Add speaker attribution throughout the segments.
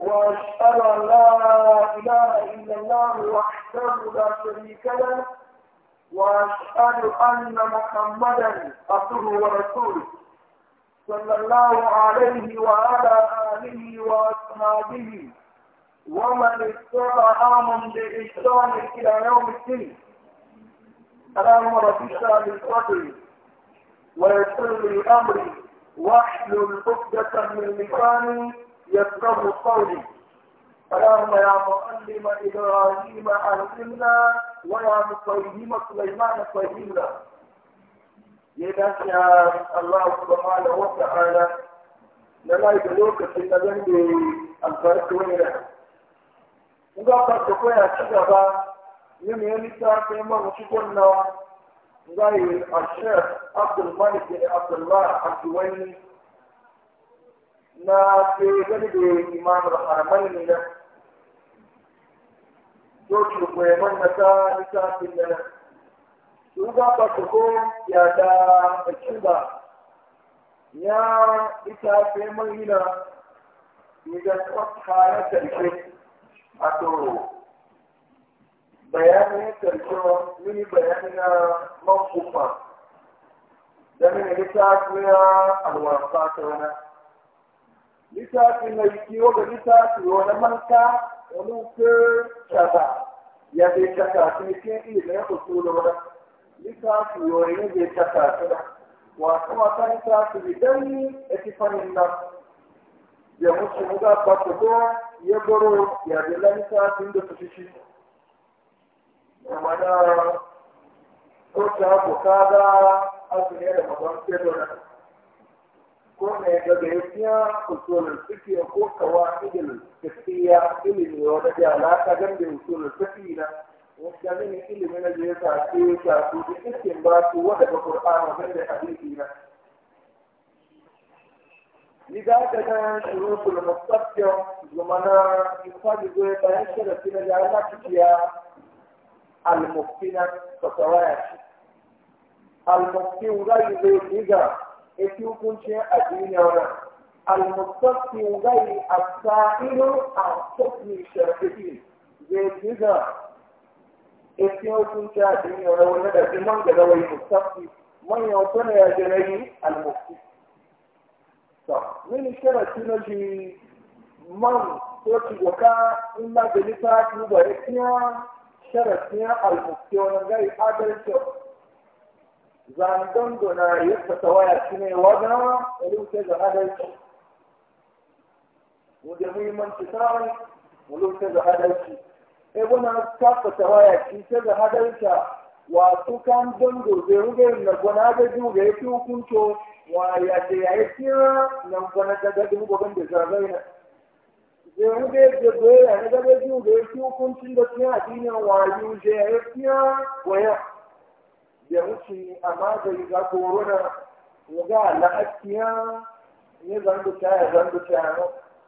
Speaker 1: وأشهد أن لا إله إلا الله وحده لا شريك له وأشهد أن محمدا عبده ورسوله صلى الله عليه وعلى آله وأصحابه ومن آمن بإحسان إلى يوم الدين الا رب اشرح لي ويسر لي أمري واحلل عقدة من لساني يفقه قولي اللهم يا معلم إبراهيم علمنا ويا مفهم سليمان فهمنا يدعى الله سبحانه وتعالى لما يدلوك في الذنب الفرق وينه Nga farko ko ya ci gaba yin yin littafin man shi kunna zai a Sheikh Abdul Malik bin Abdulwani na pegani da imam rahman ne na dokin koyaman na ta littafin da na su ba ba su ko ya da bakin ba ya littafin mai na idan kwata na karshe a to bayanin karshe mini bayanin na mankufa da mini littafin alwarfa ta wani littafi mai kiwo ga littafi wani manka wani ke kaza ya bai kasa ta ke iya da ya kusu da wani littafi wani bai kasa ta da wasu wata littafi bidan ya ci fannin nan ya musu muga ba ko ya goro ya bi littafin da su shi amma da ko ta bukada asiri da mabanke da wani كون إجابيتيا أصول الفكي أقول كواحد الفكية إلي ميورة جالا كجم بأصول الفكينا وكجمين إلي من الجيسة أكيو شاكو بإسكين باكو وحد القرآن وحد حديثينا لذا كان شروط المستقيا زمنا إخفاد جويتا يشد فينا جالا كتيا المفتنة فتواشي المفتنة غير eti hukuncin a wani almustaqim gai asailu a hukmi shar'i zai diga eti a addini wani wani da iman da gawai mustaqi manyan wani ya jirayi almufti to mini sharati na man ko goka in ma da lita ci ba ya tiya sharati almufti wani gai adalci zangon gona yadda tawaya shi ne wazanawa da lufe ga adalci mu da muhimmanci samun mu lufe ga adalci e gona kafa tawaya shi ta ga adalci su kan dango zai ruge na gona da juga ya fi hukunto wa ya ce ya yi e kira na gona da ga dubu gaban da zarai na zai ruge da goya na gaba juga ya fi e hukuncin da suna addinin wa yi ya yi kira wa ya da wuce a magani ga korona ya ga la'akiya ne zanduta ya zanduta na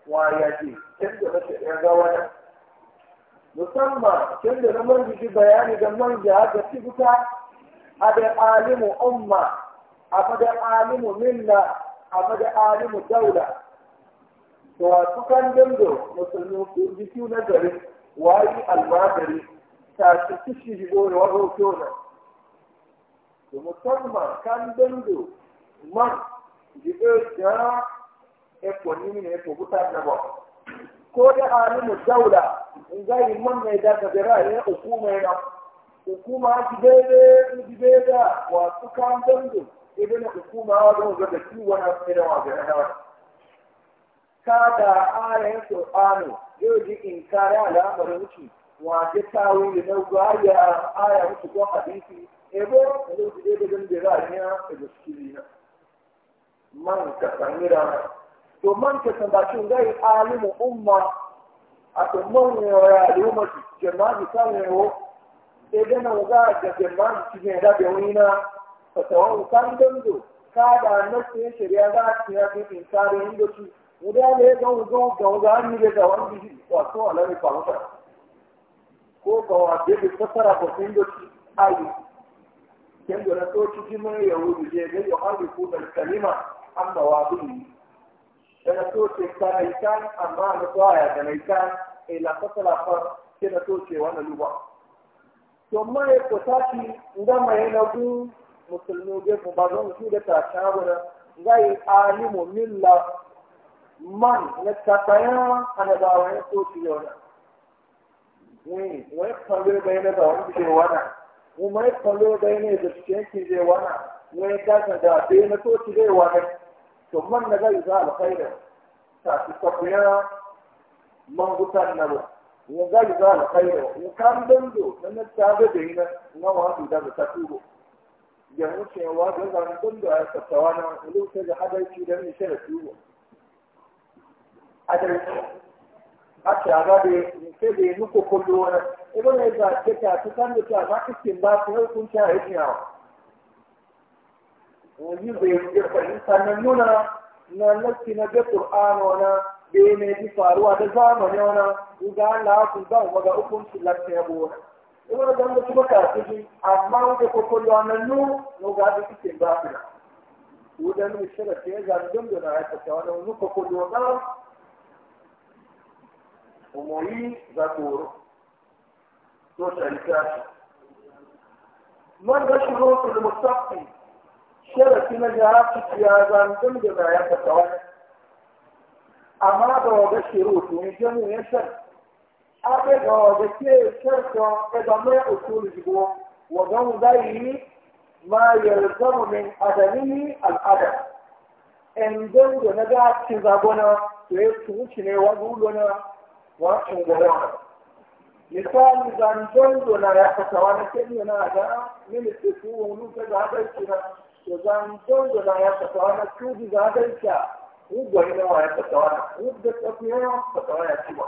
Speaker 1: waya ce can da mace ya ga wani musamman can da na manjiji bayani da manja ga tibuta a da alimu umma a da alimu minna a da alimu daula to a tukan dindo musulmi su jiki na gari wayi almagari ta ci kishi shigo da wani na. to musamman kan dando man jibe da epo ni ne epo buta da ba ko da mu daula in za yi man mai da ka bira ne hukuma yana hukuma jibe da jibe da su kan dando idan hukuma wa zo da ciwon asira wa ga dawa kada ayan Qur'ani yau ji in kare al'amarin wuce wa ta tawo ne na gwaya aya wuce ko hadisi ebo ebe jide ebe ndị ra ahịa egosiri na man kasa mmiri ahụ to man kasa ba shi ngai umma a to man ne ya al'umma shi jama'i kawai wo ebe na waga da jama'i shi ne da bai na fatawan kan dando kada na su shari'a za a tiya su in kare yin doki guda ga wuzo ga wuzo an yi da ga wani wato alami famuta ko ga wa ayi yadda na ɗauki jimin yahudu je ga yi harbi kudan kalima an mawaɗi da na ɗauke kanaitan amma na tsaya kanaitan ila fasala far sai na ɗauke wani luba to ma ya kusa ci nga mai na gu musulmi ge mu ba zan su da tashin abu na nga yi alimu milla man na tasayan anabawa ya ɗauki yau na. Wani kwanwe bayan da wani cewa na umai kwallo da ne da cikin zai wana ne kasa da bai na to ci zai wana to man da zai za alkhairi ta ci kafiya man gutan na ba ya zai za alkhairi ya kan dando na na ta da bai na na wa su da ta turo ya wuce wa da zan dando a ta tawana lokacin da hadaici da ni sai da turo adalci ake a gade sai da yi muku kullu wani ibo ne ga ta ta san da ta ma kiskin ba su har kun yi fahimta na nuna na na ga qur'an wana da ga ga lafiya ya bona ibo da da kuma ka ji amma wanda na ga da kiskin ba su wudan mu shirka na umuri zakuru توش الكاش ماذا شروط المستقبل شرط نجاحك يا زانتم جزايا تتوالى أما دوغة شروط ويجمع يشرط أبي دوغة شرط إضماء أصول جبوه وضم ذي ما يلزم من أدمه الأدب إن دوغة نجاحك زابونا ويسوشني وقولنا wakin gaba misali zanjon dona ya fata wani kenya na ga mini tuku wani ta zaɓar kira to zanjon dona ya fata wani tuji zaɓar kira ugbo ina wa ya fata wani ugbo tsakiya fata wani kiwa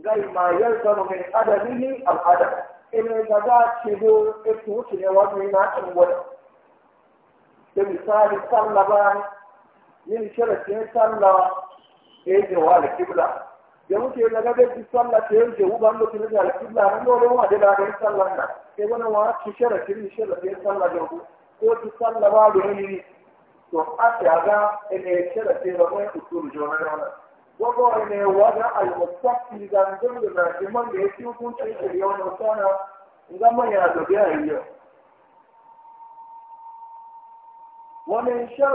Speaker 1: ngai ma yalta mu min adadihi al adab ina ga ga ce do etu ne wani na cin wani da misali sallaba yin sharatin sallah ya yi jawa da kibla yẹmu tiẹ lẹgẹ bẹ ti sọlá tiẹ jẹwu bá ń lọ tìlẹ tìlẹ tìlẹ àwọn yóò lọ wọn àdébà àdé sọlá nà ẹ wọn wọn ṣiṣẹ rẹ kiri iṣẹ rẹ tiẹ sọlá jẹ kó kó ti a ti àga ẹnẹ iṣẹ rẹ tiẹ lọ wọn kò tó jọ náà wọn. gbogbo ẹnẹ wà ní ga ń dẹ́rù náà ti mọ̀ ní etí ogun tó ń ṣèlè ọ̀nà sọ́nà nga mọ̀ yẹn àdọ̀bí àyè wọn ni iṣẹ́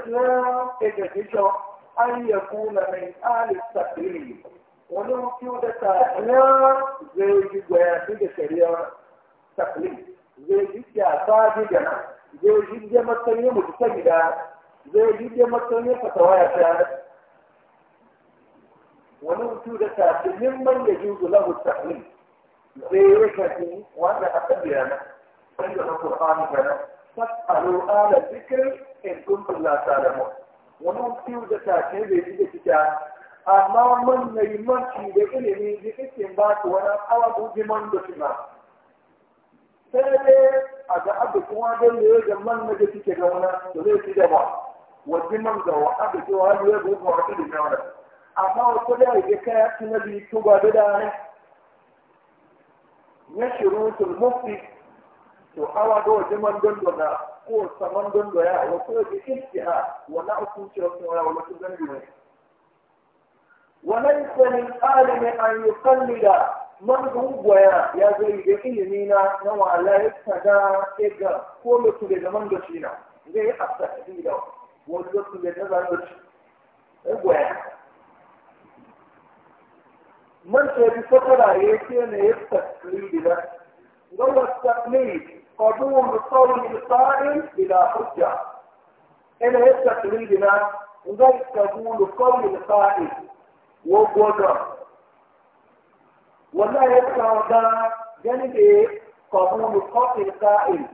Speaker 1: rẹ tiẹ lọ an ya kuna mai alif tafiri wani mutum da ta zai ji gwaya su da shari'a tafiri zai ji kyasa ji na. zai ji je matsayin mutu ta gida zai ji je matsayin fatawa ya ta wani mutum da ta fi mimman ya ji gulahu tafiri zai yi shafi wanda aka biya na wanda na Kur'ani gana. Fas'alu ala zikir in kuntum la ta'lamun. wani kiwo da tashin zai ji da kita amma man na yi manci da ilimi da kikin ba su wani awa buji man da su ba sai dai a ga abu kuma don da ya ga man na da kike ga wani da zai ci da ba wajen man ga wa abu ke wa ya ga wa ta da wani amma wasu da ya ga kaya su na biyu to ba da da ya shiru sulmufi to awa ga wajen man don da ko saman dondo ya wa ko da ha wa na la ukunti rasula wa la ne. wa laysa lil alimi an yuqallida man huwa ya ya zai da ilimi na na wa la yakada ega ko mutu da zaman da shi na zai asabida wanda su da zaman da shi goya man ta bi ya ce ne ya tasiri da ga wa tasiri قدوم القول القائل بلا حجة إلى هسه تريدنا وذلك تقول قول الطائم وقدر ولا هسا ده جانب قبول قول القائل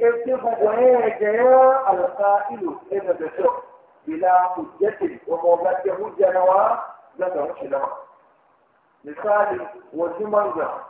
Speaker 1: اتفق ويجا القائل إذا بشر بلا حجة وموضع حجة لا لدى حجة مثالي وزمان ذا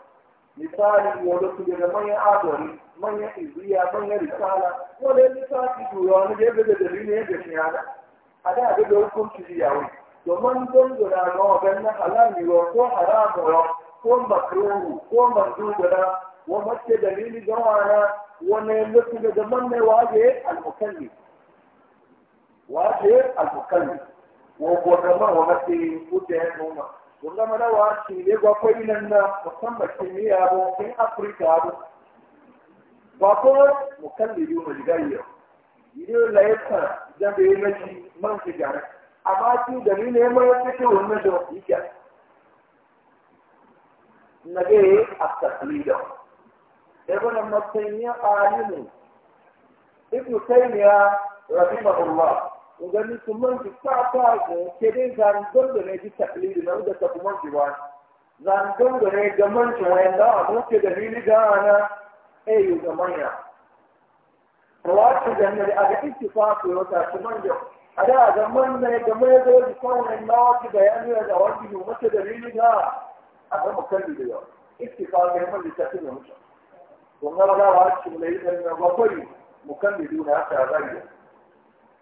Speaker 1: misali wani su da manyan agwari manyan izriya manyan risala wani lissafi jura wani da yadda da dalilin yadda shi hada a da abin da hukunci shi yawon domin don zura ga wajen na halali wa ko haramuwa ko makarohu ko mandubara wa mace da dalili ga wana wani lissafi da manne waje almukalli waje almukalli wa gwagwama wa mace kuta ya noma wanda mana wa ce ne ba kwai nan na musamman kimiyya ba in afirka ba ba ko mu kalli yi mu diga yau ido la yata bai yi maji man ki gara amma ki da ni ne mai take wannan da yake nage at-taqlida ibn al-masayyi alimu ibn taymiya rahimahullah ngani kumanji papa go kede zandondo ne jitaklili na uda kumanji wan zandondo ne gamanji wenda amuke da hili gana eyu gamanya Rawaci da ne a ga ittifaqi wata kumanjo a da zaman ne game da yadda kawai na wata bayani da wani mu mata da hili ga a ga makalli da yau ittifaqi ne mun da tafi ne mutum. Wannan rawaci ne da na bakwai mukalli duna ta zai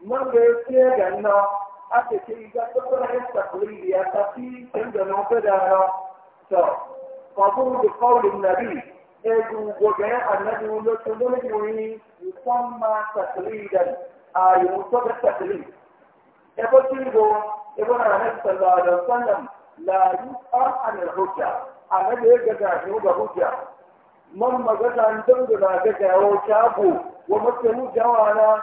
Speaker 1: من بيتيه جنة أتكي إذا تقرأ التقريب أتكي عند نوتدارا بقول النبي إذو وجاء النبي لتنمي يسمى تقليدا أي آه، مصدر تقليد يقول تيجو يقول أنا صلى الله عليه وسلم لا يسأل عن الحجة أنا بيجا جنوب حجة من مجد عن دنجنا جاء وشابه ومسلم جوانا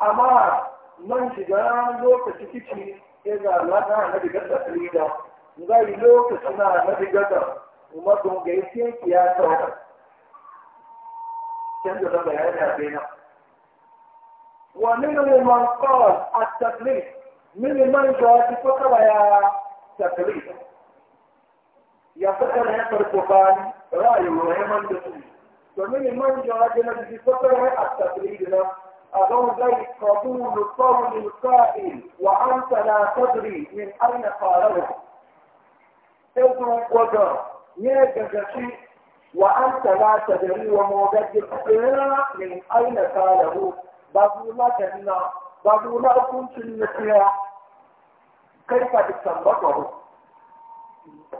Speaker 1: amma man shiga lokaci kici ya zama na na diga da tsirida ngai lokaci na na diga da kuma don ga yake kiya ta canza da bayani a na? wa ne man qal a taqlid min man jawazi fakara ya taqlid ya fakara ya farkoban ra'ayi wa man da su to min man jawazi na fakara at-taqlid na أو ليس قبول قول القائل وأنت لا تدري من أين قاله إذن قدر يجزشي وأنت لا تدري وموجد قدر من أين قاله بابولا جنة بابولا كنت النسيا كيف تستنبطه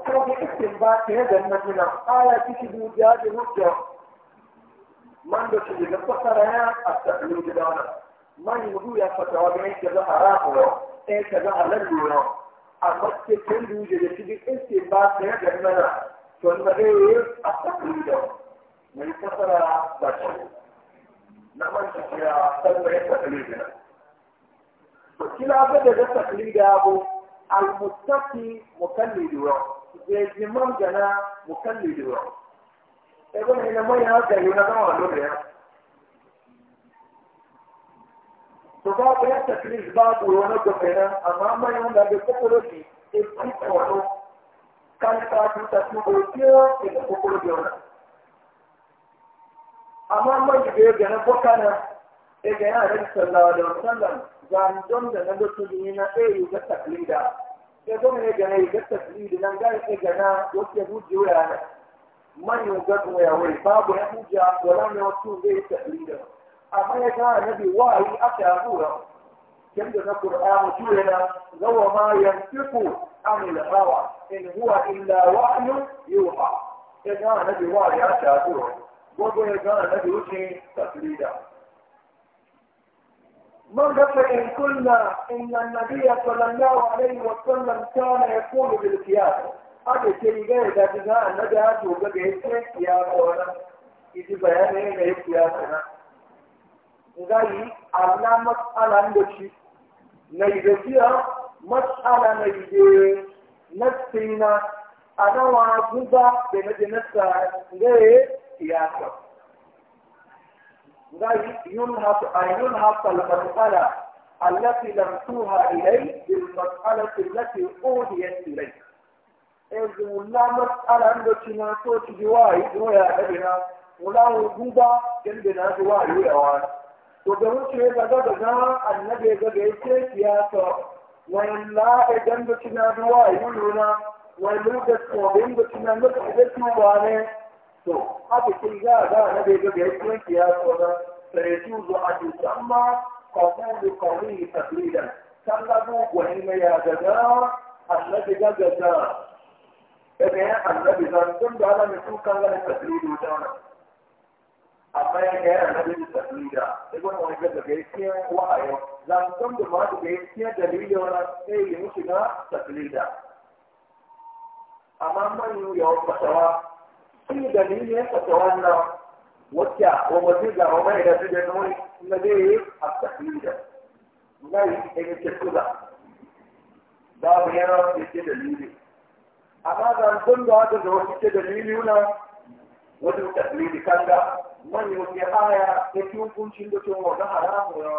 Speaker 1: كيف استنباط هذا المدينة آية تشبه جاد الرجل man da shi da fasara ya a tsakin gida wannan man yudu ya fatawa ga yake da haramu ya sai ka ga halallu ya A ke kan duje da shi duk in ba ta ya ga nana to na yi a tsakin gida mai fasara ba shi na man shi ya sanar ya tsakin gida to kila ga da tsakin gida abu al-muttaqi mukallidu ya zai man gana mukallidu ya
Speaker 2: ẹgbẹ́ mi ni mọ́yìn á tẹ̀lé
Speaker 1: iná táwọn àlóde á. Tòbá bẹ́ẹ̀ tẹ̀sílì bá wòrò náà tó fẹ́ náà, àmọ́ mọ́yìn ń dàbí kókóró sí etí ọ̀dọ́ káńtà tó tẹ̀sí òwò tí ó èdè kókóró bí ọ̀nà. Àmọ́ mọ́yìn bẹ́ẹ̀ gẹ̀rẹ́ bọ́ká náà, ẹgbẹ́ náà rẹ̀ sọ̀lá ọ̀dọ̀ sọ̀lá zàǹdọ́m dẹ̀nà ló tó yìí náà ẹ̀ yóò gẹ́ tẹ̀sílì dà. Ẹgbẹ́ mi ni gẹ̀rẹ́ yóò gẹ́ tẹ̀sílì dì man yi gan wayawai babu ya hujja wala ne أما zai tafiya amma أتى ga nabi wahayi aka ya tura كم ذا القرآن جهلا لو ما ينطق عن الهوى إن هو إلا وحي يوحى إذا نبي وحي أشاهده وقو إذا نبي وجه تقليدا من قبل إن قلنا إن النبي صلى الله عليه وسلم كان يقول بالقياس haka ke yi gaya da ta za'a na da haka ga ga yake ya kora idi bayanin ga yake ya kora ngai Allah mas'ala da shi na idafiya mas'ala na na tsina a nawa guba da na jinasa ngaye ya kora ngai yunhatu ayunhatu al-mas'ala التي لمسوها إليه بالمسألة التي أوهيت إليه ẹgbẹ́ ńláńlá ara ń lọ́tí náà tó ti da wá ìdí wọ́n yà ẹ̀bẹ̀ náà wọ́n láwọn ogun bá kẹ́ńdẹ̀ náà ti wá ìlú rẹ̀ da Gbogbo ń ṣe gbàgbọ́dọ̀ náà ànágbé gbogbo ẹ̀ṣẹ́ ti á sọ. Wọ́n lá ẹgbẹ́ ń lọ́tí náà ti wá ìlú rẹ̀ náà. Wọ́n ló ń bẹ̀sùn ọ̀bẹ ń lọ́tí náà a ga ṣe ìgbà àgbà ànágbé da, ẹ̀ṣẹ́ ti á a náà. amma, ko ó lọ àjòjá máa kọ̀ọ̀kan lè kọ̀wé ìtàgbé rẹ̀. Sáńgá ló wọ̀ nílẹ̀ yàgàgà ànágbé da. daga yan annabi zan tun da ala mai tukan ganin tasiri wuta wannan amma ya ga annabi da tasiri da ibn wahid da ga yake wahayo zan da ma da yake dalili wannan sai ya mushi na tasiri da amma man yi yawon fatawa shi dalili ya fatawa wacce wa mutum ga mai da da nuni na zai yi a tasiri da na yi ɗaya ke babu yana da ke dalili amma zancen da haka da wasu ke dalili yuna wajen taklidi kanga man yake haya ta hukuncin da tun wata haramu na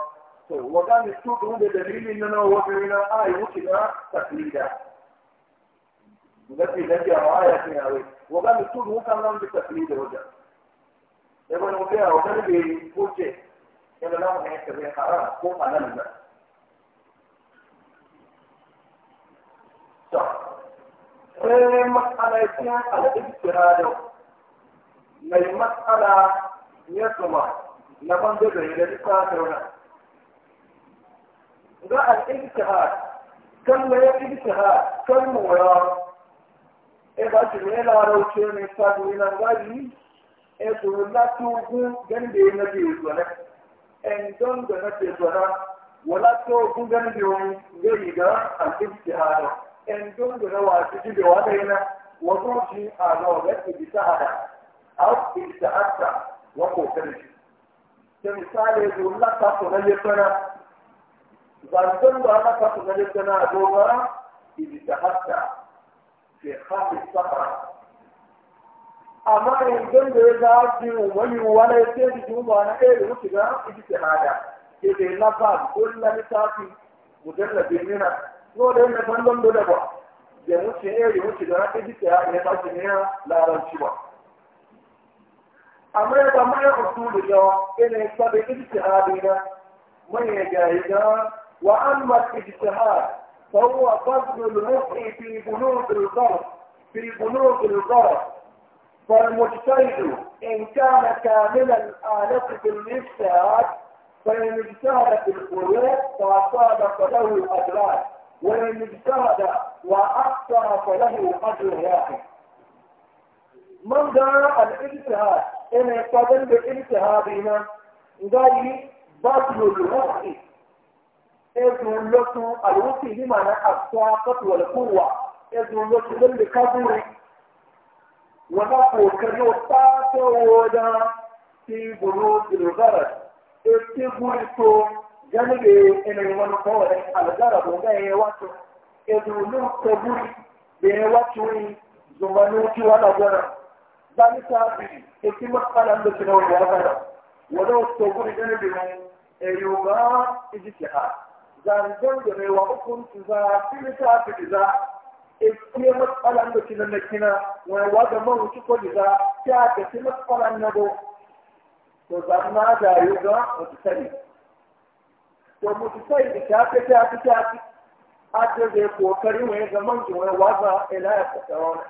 Speaker 1: to wata ne su da dalilin na na wata yana a yi wuce na gafi ma aya ce yawe wata ne su kuma kan nan da wajen ya bani wuce a wata ne bai wuce yana namu ne ta bai haram ko halal na sai eh, matsala ya al'ikirarin mai matsala ya suma na bangare da duka tauna ga al'ikirarin kalma ya ikirarin kalma waya e ba shi ne larauce ne sabu yana gari e su latugu da na biyu zuwa en don da na ke zuwa wala to gugan biyu gari ga al'ikirarin ndundu na wasu da wani na wato shi a lawalatu bi sa'ada aw da sa'ata wa kokari da misali da Allah ta so na yesana zanton da Allah ta so na a, dogara bi sa'ata ke khali sahara amma yanzu da ya za ji wani wani ya ce ji ba na ɗaya da wuce ga ijtihada ke da lafa kullum tafi mujallabin nina dole ne san don dole ba ya mutu ne ya mutu da rafi jike ya ne ba shi ne ya larabci ba amma ya ba mai usulu da ina sabi ijtihadi na man ya gayi da wa amma ijtihad fa huwa fadl al-ruhi fi bulugh al-qalb fi bulugh al-qalb فالمجتهد إن كان كاملا آلة بالاجتهاد فإن اجتهد في القلوب فأصاب فله الأجران ومن اجتهد واخطر فله اجر واحد من جاء الاجتهاد ان يقتدر باجتهادنا غاي بطل الوقت اذن لك الوقت بمعنى الطاقه والقوه اذن لك للكبر ونقول كريو طاقه ودا في بلوغ الغرض اتقوا gani da ina yi wani kowane algara ko ga ya wato edulu ko guri da ya wato yi zumanu ki wala gona zalika bi eki matsalan da kina wani wala wala ko guri gani da mu eyuba ijtihad zangon da ne wa hukunci za filita filita eki matsalan da kina na kina wani wada mawuci ko da ta ga matsalan na go to zanna da yuga wata sani wa mutusai da ta fi ta fi ta fi har da kokari wani zaman ki wani waza ila ya fata wani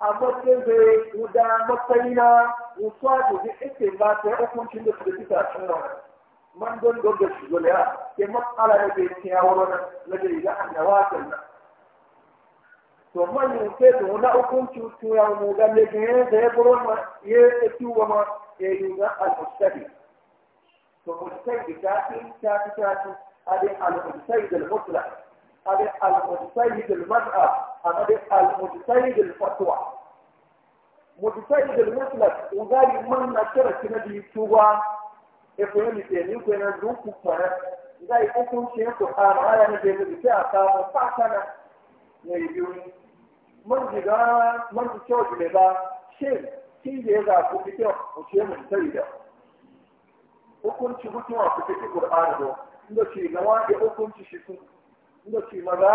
Speaker 1: amma sai zai guda matsayi na wusuwa da zai ake ba ta yi hukuncin da su da fita cin wani man don don da shi zoliya ke matsala da zai kiya wani na da ya hanya wasan nan to man yi sai da wani hukuncin tuya mu ga lagin da ya buru ma ya yi ta kiwa ma ya yi ga al-mustafi فمجتهد كافي كافي كافي هذه المجتهد المطلق هذه المجتهد المذهب هذه المجتهد الفتوى مجتهد المطلق وذلك من نشر نبي توبا يقول لك يقول لك يقول zai hukunci ya Qur'an aya na bai sai a samu من جدا من mun diga mun ci cewa ba shin shi hukunci mutuwa ku take Qur'ani do inda ce na wani hukunci shi sun inda ce maza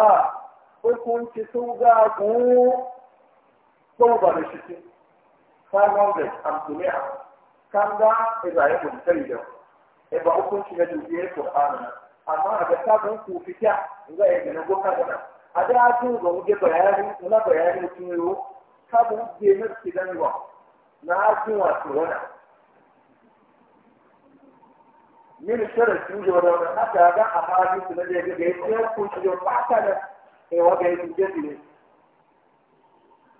Speaker 1: hukunci sun ga ku sau ba da shi sun 500 amsuliya kan ga izaye mun kai da e ba hukunci na dubiyar Qur'ani amma a ga sabon ku fita za ya ga na goka da a da ajin ga wuge bayani na bayani tun yau sabon ke na kidan na ajin wa tsorona min sharafi da wani wani haka ga a hajji su na da ya gaya ya kunshi da ba ta da ewa eh, ga yin jefi ne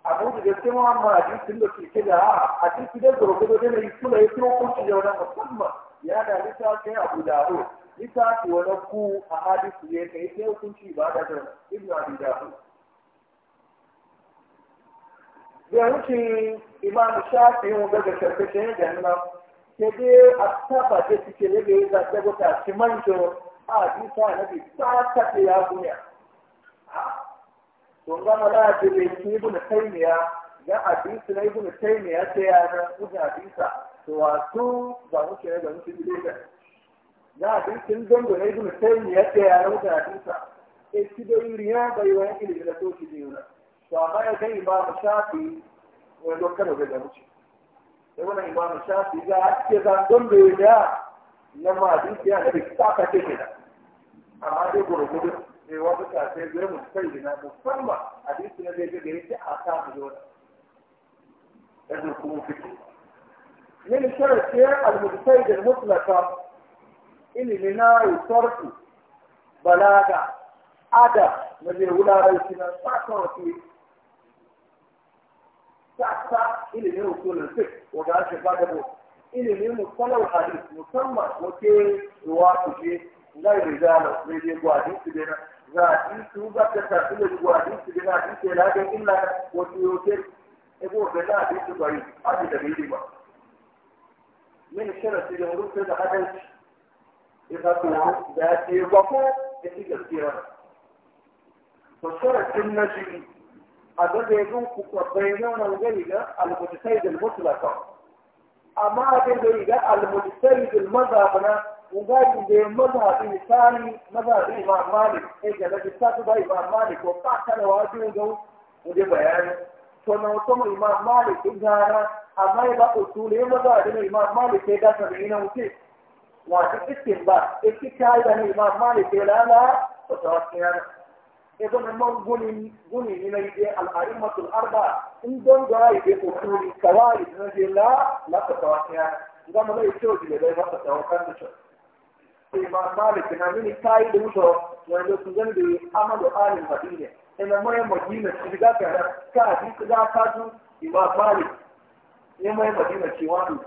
Speaker 1: abu da gaske ma amma a jikin da ke ke da a a cikin da gudu da na yi suna ya kiro kunshi da wani musamman ya da littafi abu da abu littafi wani ku a hajji su ne ka yi ke kunshi ba da da ibn abu da abu da wuce imam shafi'in daga shafishin da nan sai a taba da suke rage yi za ta guta shi manjo a jisa na bi ta tafi ya duniya don gama na da bai ki ibn taymiya ga hadisi na ibn taymiya ta ya ga uja hadisa to wato ba mu ke da mutum ne da ga hadisin zango na ibn taymiya sai ya ga uja hadisa e ki da riya bai wani ilimi da to ki ne to amma ya kai ba mu shafi wani dokar da ga mutum ibn imam shafi ga ake zan don da ya na ma dukiya da ta ka ce ne amma dai gurgudu ne wasu kafe zai mu sai na musamman hadisi ne zai ga gari ta a ta mu yau da kuma fiki من شرط المجتهد المطلقة اللي لنا يصرف بلاغة أدب من الولاء الكنا صعب في sasa ilimin usulun sik wa ga ba da ilimin musalar hadis musamman wace ruwa ku je ga rijala ne je gwadi su za a yi su ga ta tafi da gwadi su e a illa yoke ego ga da bi su bari a da bi ba min sharasi da da hadis da ba ko gaskiya أبدا يكون بيننا وبين المجتهد المطلق أما أبدا المجتهد المذهبنا وقال إذا مذهب إنساني مذهب إمام مالك إذا لك استاذ إمام مالك وقعت أنا واجهه وده بيان فنوتم إمام مالك إذا أما إذا أصول مذهب إمام مالك إذا سبعين وكيف واجب استنباط إذا كايدا إمام مالك لا لا وتوقعنا إذا ما قولي قولي من يدي الأئمة الأربعة إن دون جاي بقصور كوارث نزل لا لا تتوقع إذا ما لي شو يشوف ده ما تتوقع نشوف ما مالك أنا من كاي دوشو وأنا سوزن بأمل آل المدينة إن ما هي مدينة شجاع كذا كذي كذا كذو إمام مالك إن ما هي مدينة شوان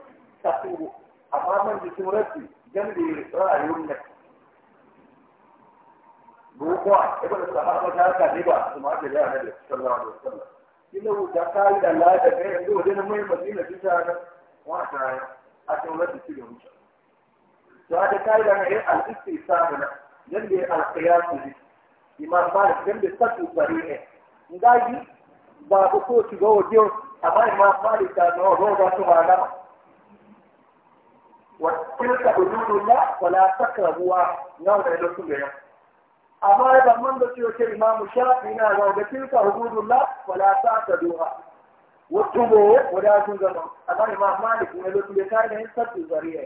Speaker 1: تسوق أمام الجسم جنبي جنب bukuwa ibn sahaba ta ka ne ba kuma ake da annabi sallallahu alaihi wasallam kilo da kai da la da kai yanzu wajen mai madina ta ta wa ta a ta wala ci da mutum to aka kai da ne al istisabana dan da al qiyas imam malik dan da satu sarihe ngaji ba ko ko ci go wajen amma imam malik da no ro ba to ba da وتلك حدود الله ولا تقربوها نوع الى سوريا amma da man da ciwo imamu shafi na ga ga tilka hududullah wala ta ta duha wato bo wada sun zama amma imam malik ne lokacin da kai ne sabbi zariya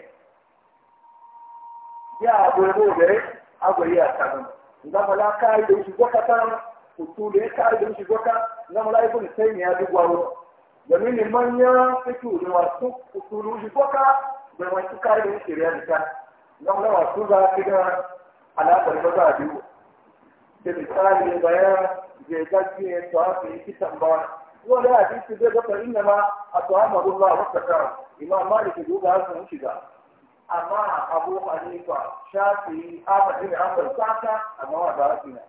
Speaker 1: ya gogo gare agwaya ta zama da mala kai da shi goka ta usule kai da shi goka na mala ya duk waro da manya wasu shi goka da wasu kai da shi riya da ta na za ka ga da misali baya je gaji ne to haka yi kisan ba wani hadisi zai gafa inda ma a to amma ruwa wata kara imam malik duba har sun shiga amma abu hanifa shafi ahmad bin hanbal saka amma wa barakina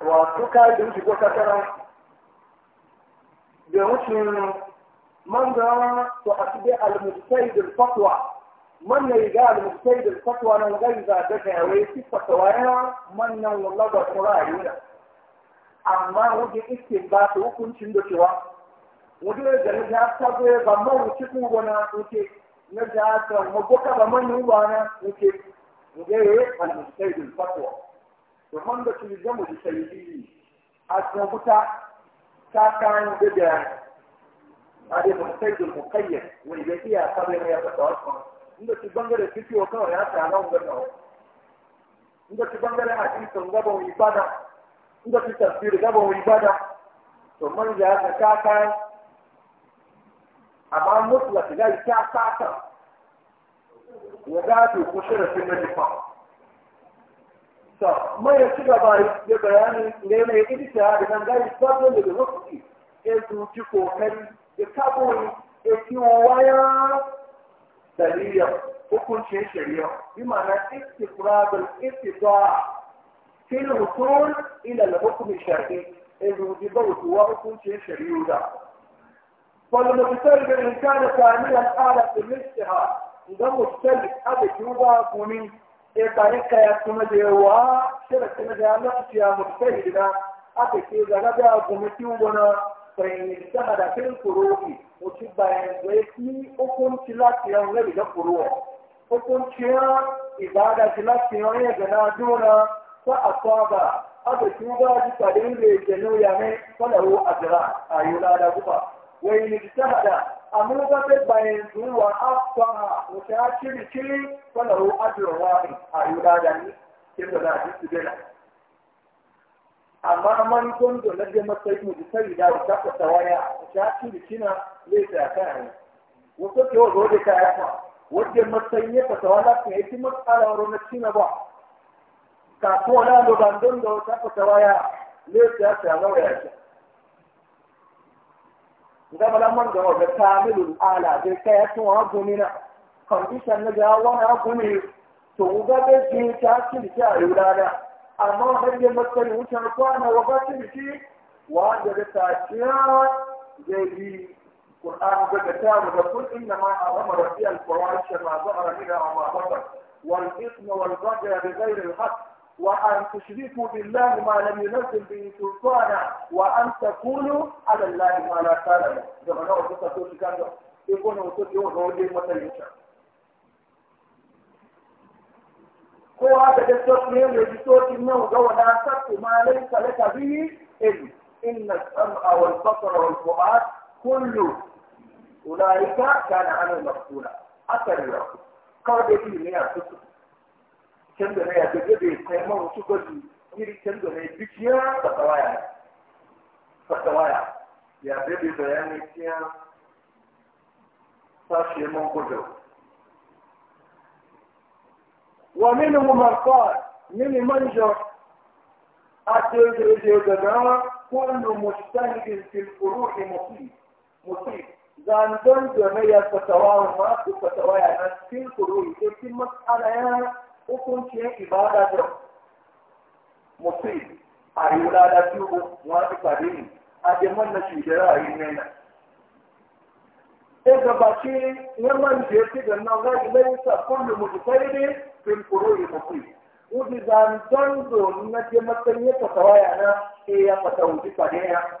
Speaker 1: wa duka da wuce ko kakara da wuce man ga to asibi al-mujtahid al-fatwa من رجال مجتهد الفتوى انا غيظا دكا ويسي فتوايا من والله ده قراينا amma wajen iske ba su hukuncin da cewa na ja ta goye ba ma wuce kuma na wuce na ja ta maboka ba man yuwa na wuce wuce ya fatwa ga a inda ci bangare fito kawai ya tsara wannan nawa inda ci bangare hadisin gaba wa ibada inda ci tafsir gaba wa ibada to man ya ga kaka amma mutlaq ga ta kaka ya ga to kushirin na jifa to mai ya ci gaba ya bayani ne ne idita da nan ga sabon da lokaci e su ci kokari ya kabo e kiwo waya شريعة وكل شيء شريعة بمعنى استقرار الاستطاع في الوصول إلى الحكم الشرعي اللي الوجبات وكل شيء شريعة فالمجتهد إن كان كاملا آلة الاجتهاد إذا جوبا أبجوبة ومن طريقة يا يتمدى وشرك تمدى نفسي ده أبجوبة لدى قمتي ونا فإن اجتهد في الفروق وتبين ذاتي hukunci lafiyar na da kuruwa hukunciyar ibada ci lafiyar ya gana dona ko aka tuba ji da ya gano ya mai a jira a yi lada guba wai ni ta hada amma ba ta bayan zuwa afa wata ya ciri ciri falahu a jira wani a yi lada ni kin da za a ji su gina amma man gondo na je matsayin da sai da ta fata waya ta ciri cina zai tsaya وتوكيو غودي كايفا وجه مسيه فتوالا في حكمة على ورنكشينا با كاتولا لو باندون دو تفتوايا ليس يا سيغو يا شيخ idan bala man da wa kamilu ala dai kai ya tun wa gumina condition na ga wa na gumi to uga da ji ta ci ta yulada amma wannan da matsayin wucin kwana wa ba ci shi wa da ta ciya zai القرآن قد تام يقول إنما حرم ربي الفواحش ما ظهر منها وما بطن والإثم والبغي بغير الحق وأن تشركوا بالله ما لم ينزل به سلطانا وأن تقولوا على الله ما لا تعلم كما نقول في التوشي كان يكون وصول يوم غولي متليشا ko haka da sosai ne da sosai nan ga wadatar kuma laisa laka bihi in inna sam'a wal أولئك كان عنه مقبولا أثر يوم قال لي من يأتي كم دنا يتجدي قيمة وشكل يري كم دنا يبكيا فتوايا فتوايا يا بيبي بياني كيا ساشي من قدر ومنهم من قال من منجر أتجدي جدنا كل مجتهد في الفروع مصيب مصيب zandon game ya fatawa ma su fatawa ya nan cikin kuro ke cikin matsala ya hukuncin ibada da mutum a yi wulada tubu wani fadi ne a jaman na shigara a yi nena. E gabaci yaman da ya ci gannan za ki lai sa kullu mujtahid fil furu'i muqim. Wudi zandon don na je matsayin fatawa ya nan e ya fatawa ji fadi ya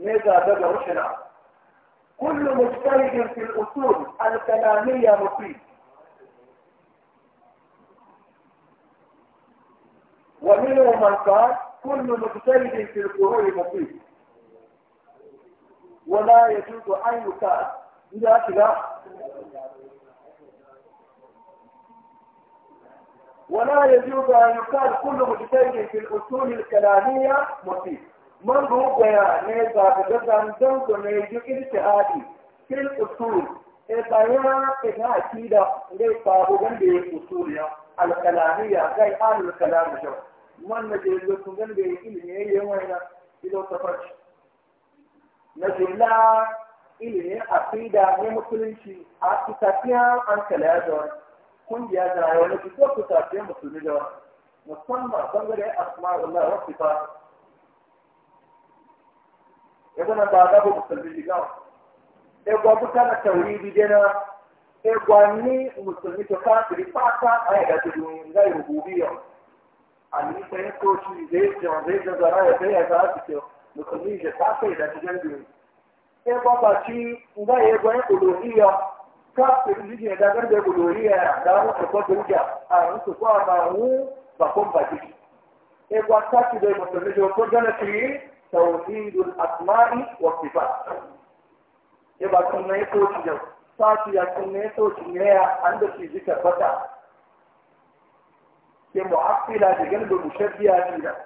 Speaker 1: ماذا بدر رشنا كل مجتهد في الأصول الكلامية مفيد ومنهم من قال كل مجتهد في الفروع مفيد ولا يجوز أن يقال إذا كلا ولا يجوز أن يقال كل مجتهد في الأصول الكلامية مفيد من هو روقيا نيزا بجزان جنزو نيجو إرتعادي في الأصول إبايا إذا أكيدا ليس أبو جنبي أصوليا الكلامية زي آل الكلام جو من نجي لكم جنبي إلي يوينا إلو تفرش نجي لا إلي أكيدا نمسلنشي أكتاكيا عن كلاجون kungiya da rayuwa na fito ku tafiye musulmi da musamman bangare asma'ullah wa sifatu ebona baada bo musulmi diga egwa buta na tawhidi dena egwa ni musulmi to kafiri pata aya da tudun ga eu ani sai ko shi zai je zai da zara ya kai ya za su ce Eu je pata da tudun dun egwa ba ci ga egwa ya uluhiyya kafiri je da garbe uluhiyya da mu ko duja a mu ko ba mu ba kon ba ci egwa ta ci da musulmi je ko gana ci توحيد الأسماء والصفات يبقى كنا يتوشي جو ساتي يا كنا يتوشي نيا عند شي ذكر بدا كمعقلة جنب مشبهة جدا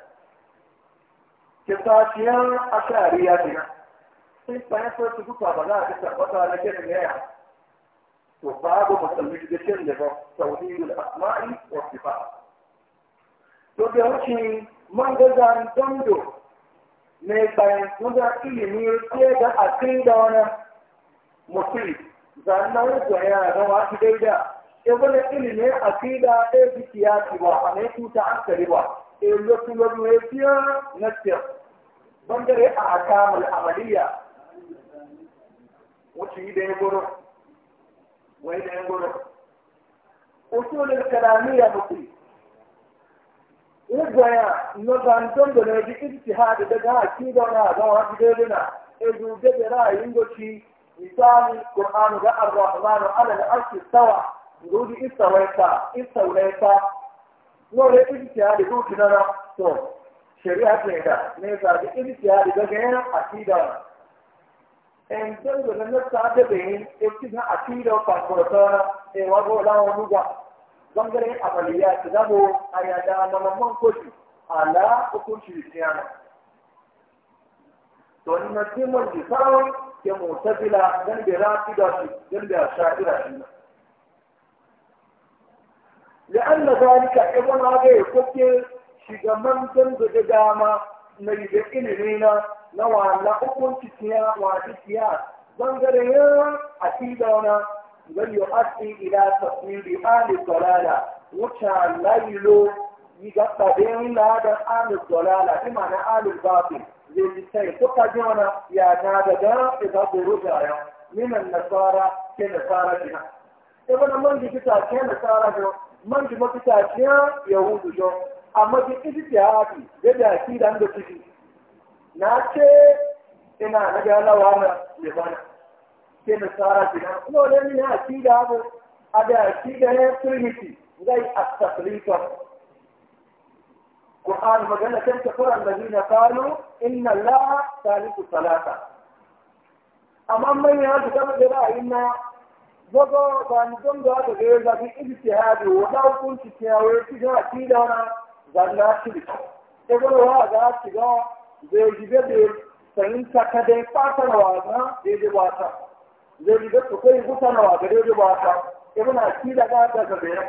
Speaker 1: كساتي يا أشعرية جدا sai bayan sai su duka ba za a ga tabbata na kiran yaya to babu musulmi da kiran da tauhidul asma'i wa mai bayan da ilimi ke da akai da wani mutum zannan gwaya ga wasu daida ibn ilimi akida ɗaya dukiya ci ba a mai tuta an kari ba e lokacin da mai na fiya bangare a akamul amaliya wacce yi da ya goro wai da ya Igwaya a, bandon da na ji ijtihadi daga akida na ga wani dalila ezu da da ra'ayin goci misali Qur'an ga Ar-Rahman ala al-arshi tawa ngudi istawaita istawaita no le ijtihadi ko kinana shari'a ce da ne daga akida en ha e bangare abaliya ta zamo a yada na mamman kotu a la hukunci siyana to ni na timon ji sawo ke mu tabila dan da rafi da shi dan da shafira shi da an na zalika ibn abi kuke shiga man dan da dama na yi da ilimi na na wa la hukunci siyana wa dikiya bangare ya akida na zai yi asi ila tafsiri ahli dalala wuce lailo yi ga dalala zai ji sai kuka ji wani ya na daga idan ku ruja ya minan nasara ke nasara jina sai wani man ji kita ke yahudu jo amma ji iji ta haɗi da na ce ina na ga sai nasara gida kuma wani ne a ci da abu a da ci da ya trinity zai a Ku Qur'an magana kan kafaran da zina kalu inna Allah salisu salata amma man ya ji gaba da ra'ayin na gogo ba ni don da aka ga za ki ijtihadi wa da hukunci kiyawe ki ga ci da wana zanna shi da gowa ga ci ga zai ji da sanin ta kada fatan wa ga da wata zai riga su kai gutana wa gare da wata ibn akida ga ta ga bayan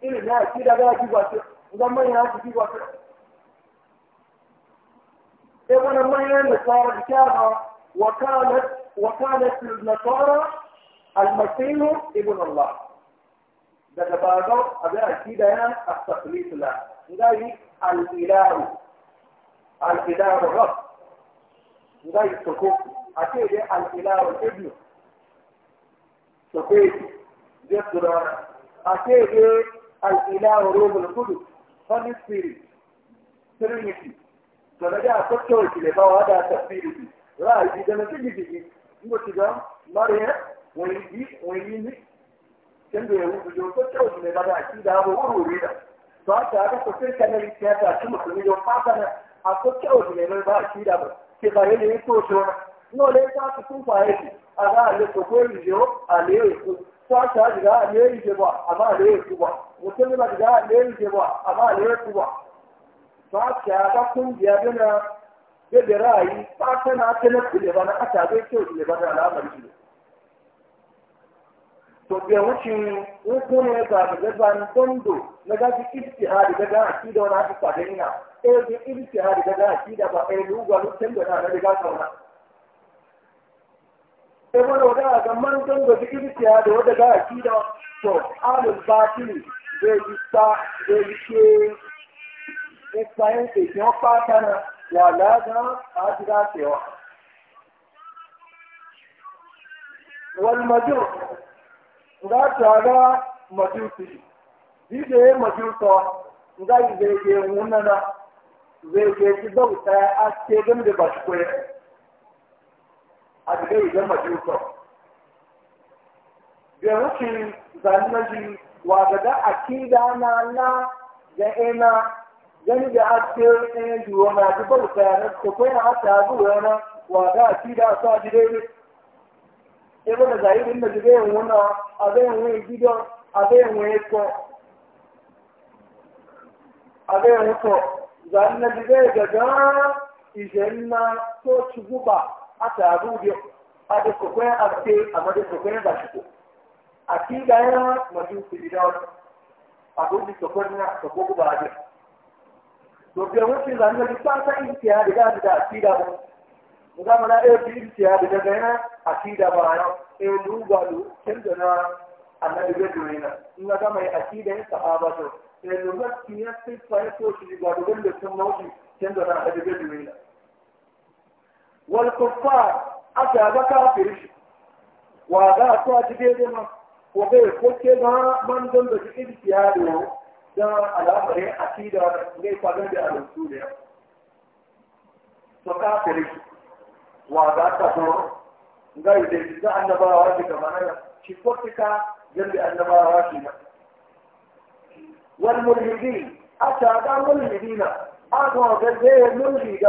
Speaker 1: irin na akida ga ki ba ce idan mai na ki ba ce ibn mai na da tsara bikara وكانت وكانت النصارى المسيح ابن الله ده بعده ابي اكيد انا التقليد لا غير الاله الاله الرب غير السكوت اكيد الاله الابن Sopeti, zai tsorata, ase ke aikin awa robin rurin kwanin firiji, siriniji, jiragen asabta wajen nefa wa hada a sabfiriji, ra yanzu daga cikin jirgin ruwa cikin lare, wuri biyu, wuri yunifu, cikin da ya gudu, yau asabta wajen nefa ko a cikin dawa ko wuri wuri da. To ní olè ká tuntun fàáyé sí àgá àlè kòkó èrìjẹ ó àlè èkó tó àṣà àdìgá àlè èrìjẹ bọ̀ àbá àlè èkó bọ̀ mutum na àdìgá àlè èrìjẹ bọ̀ àbá àlè èkó bọ̀ tó àṣà àbá kún bí abẹ́ na da ra'ayi fata na tẹ́lẹ̀ kule ba na kyau da ba na al'amari shi to bai wucin in kuna ya zaɓi gaza ni dondo na gaji e istihari daga akida wani haka kwadanina ɗaya bi istihari daga akida ba ɗaya e lugwa lutan da na kauna sai wani wada ga man don da zikir siya da wada akida to alul batili zai yi sa zai yi ke ìsàyẹn tètè ń pàtà náà wà lágán àdúrà tẹ̀wọ̀. wọ́n ji nga tààrà mọ̀jú sí dídé mọ̀jú sọ nga ìgbèjì ìwúnana ìgbèjì ti dọ́kítà àdìgẹ́ ìjẹ́mọ̀dé ọkọ̀. Bẹ̀rùkì zanúnájì wà gàgá àkídá náà ńlá ga ina gani da ake na da bayanan ta kwaya a tabu rana wa ga na a sa gidai ne. Ebe da a zai yin wani gidan a zai yin wani ko. A zai yin ko. hata abubuwa a da su kwayan aske a madin su kwayan ba shi ko a ti da yana majin su gida wani a gudu su kwayan na su kogo ba da to biyan wasu zane da dukkan ta intiya da gadi da akida ba mu e, na ɗaya biyu intiya da daga yana da ba na ɗaya da canza na annabi zai dore na in ga gama ya akida ya sahaba to ɗaya duba kiyar sai fa ya shi da gudun da sun canza na annabi zai dore na والكفار أتى بكافر وهذا أتوى جديدنا وغير كتبها من دون بجد اجتهاده دا على أمره أكيدة ليس بند على رسوله فكافر وهذا أتوى غير ذلك أن بارك معنا شفتك جنب أن بارك والملحدين أتى دا ملحدين أتوى جديد ملحدين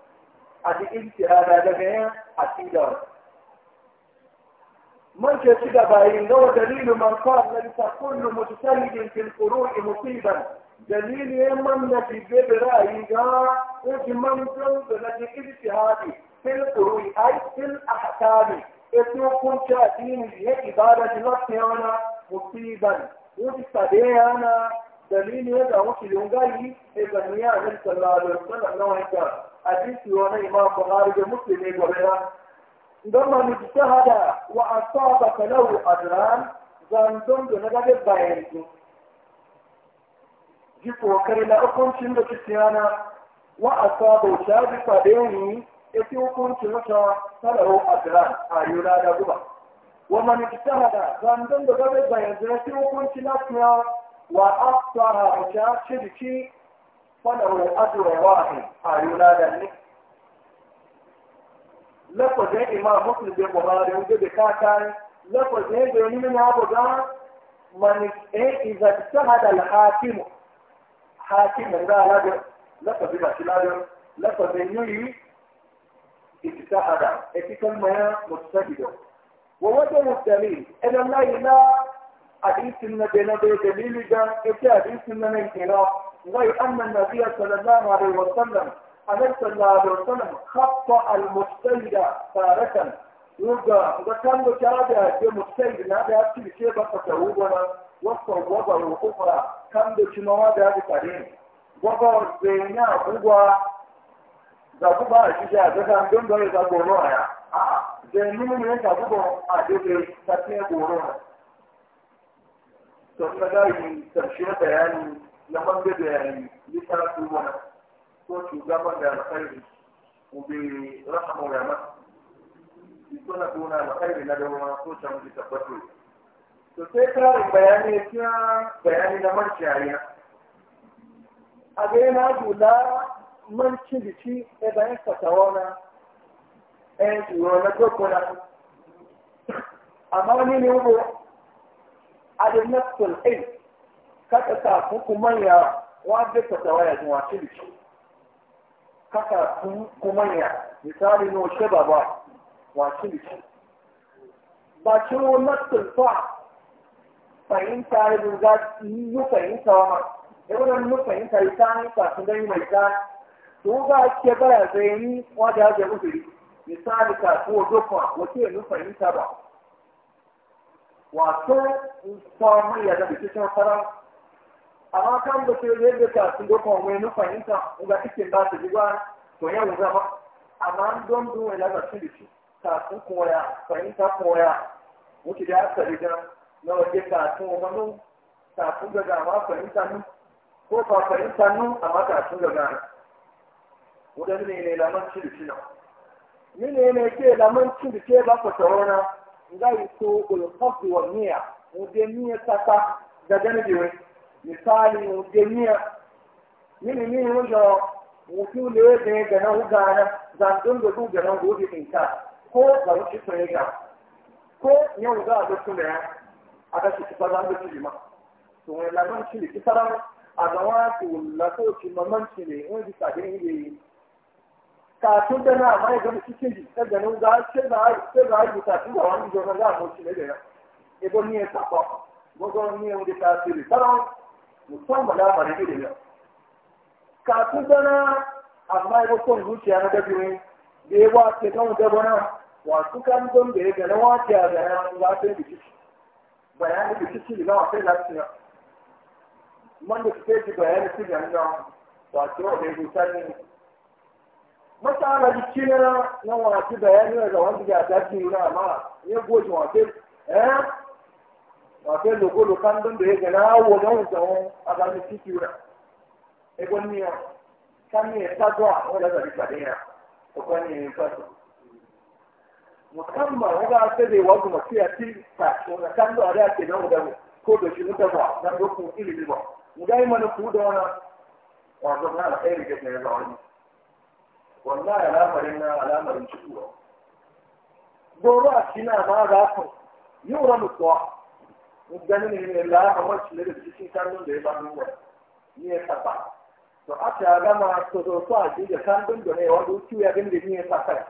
Speaker 1: àti ìtìhàdà dẹ́gẹ̀yẹ́ àti ìdáwọ̀. من كتب بين لو دليل من قال ليس كل مجتهد في القروء مصيبا دليل من نجي برأيي اجمل ذنب نجي اجتهادي في القروء اي في الاحكام اتو كنت اتيني هي عبادة لطيانا مصيبا وجتبيانا dalili wanda muke yungayi e ga niya da sallallahu alaihi wasallam na wanka hadisi wani imam bukhari da muslim ne gobe na ndamma ni jitahada wa asaba falahu ajran zanzon da na da bayan ku ji kokari na hukuncin da kiyana wa asaba shabi fadeni yake hukuncin wata falahu a ayuna da guba wa man jitahada zanzon da naga da bayan ku hukuncin na وأفطر عشاء شركي فله الأجر واحد أعينا ذلك lafazin imam muslim da buhari wanda da kakan lafazin da yi na buga man eh idza tahada al hakim hakim da ala lafazin da shi ladan lafazin yi ijtihada etikan maya mustahida wa wajhu dalil idan la ila hadisin na bai na dalili da ya ce hadisin na nan kenan wai annan nabiya sallallahu alaihi wasallam annabi sallallahu alaihi wasallam khaffa al-mustahida taratan yuga da kan da ta da ke mustahid na da ya ce ba ta tawo gona wasu gwaba rukufra kan da ci mawa da ya tare gwaba zaina gugwa da kuma a shi ya ga don da ya ga ya a zainu ne ka gugwa a dole ta ce goro ثم جاي تمشينا بيان لما نجد يعني لسنة كلنا كنت جابا على خير وبرحمه يا مكة لسنة كلنا على خير ندعونا كنت عم تتبطل تتكرر بياني كيا بياني لمن شايا أجينا جولا من شبشي إذا أنت توانا أنت ولا تقول أما من يقول أجينا haqqul ilm kaka ta kuma ya ka ta tawaya zuwa cikin kasa kuma ya misali no shaba ba wa cikin ba cin wannan fa fahimta ya zuga yi fahimta wa ya wurin yi fahimta ya ka kafin gani mai ta to ga ake baya zai yi wa da uzuri misali kafin wa dokwa wace yi fahimta ba wato samun ya zaɓi cikin fara amma kan da ke yadda ka sun dokon wani na fahimta ga cikin ba su jiwa to yau zama amma don duwa ya zaɓi da shi ka sun koya fahimta koya wuce da aka riga na waje ka sun wani ka sun ga amma fahimta nu ko ba fahimta nu amma ka sun gaga wadanda ne ne laman cin da na. Ni ne ne ke laman cin da ke ba ku saurana gaisu ulfafi wa niyya wuje niyya tata da janibiwe misali wuje niyya nini ni wujo wuju le ne ga hugana zandun da du ko ga wuce sai ga ko ne wuga da a zawa kafin da na mai gama cikin jikin ganin za ce za a ce za a yi bukatu da wani jona za a moci ne da ya ebo ni ya sako gogo ni ya wuce tasiri tsaron musamman da ba da ya kafin da na amma ya son ya na dabi da ya ba ce kan da bana wasu kan don da ya gana wace a gana za ta yi bayanin ci da za man da su ji na wato masala di kina na wati bayani da ga ta na ma ne goji wate eh wate logo lo kan da ya gana wo don da on aga ni ci ci ra e gonni ya kan ni ta do a wala da ri kade ya to kan ni ta to musamman ta ta kan do ke da ko da shi ta na Wannan alamarin na alamarin cikuwa goro a shi ma za ku yi wa mutuwa ganin ne la a ne da cikin karnin da ya ba mu ni ya saba to a ta gama to to to a ji da kanun da ne wanda ku ya gani da ni ya saba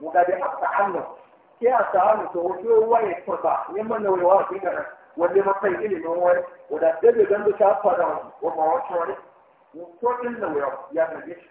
Speaker 1: mu ga da ta'annu ke a ta'annu to wato waye to ba ne man da wayewa kin ga wanda ma kai ilimin wai wanda da da gando ta fara wa ma wacce wani ko din da wayewa ya ga shi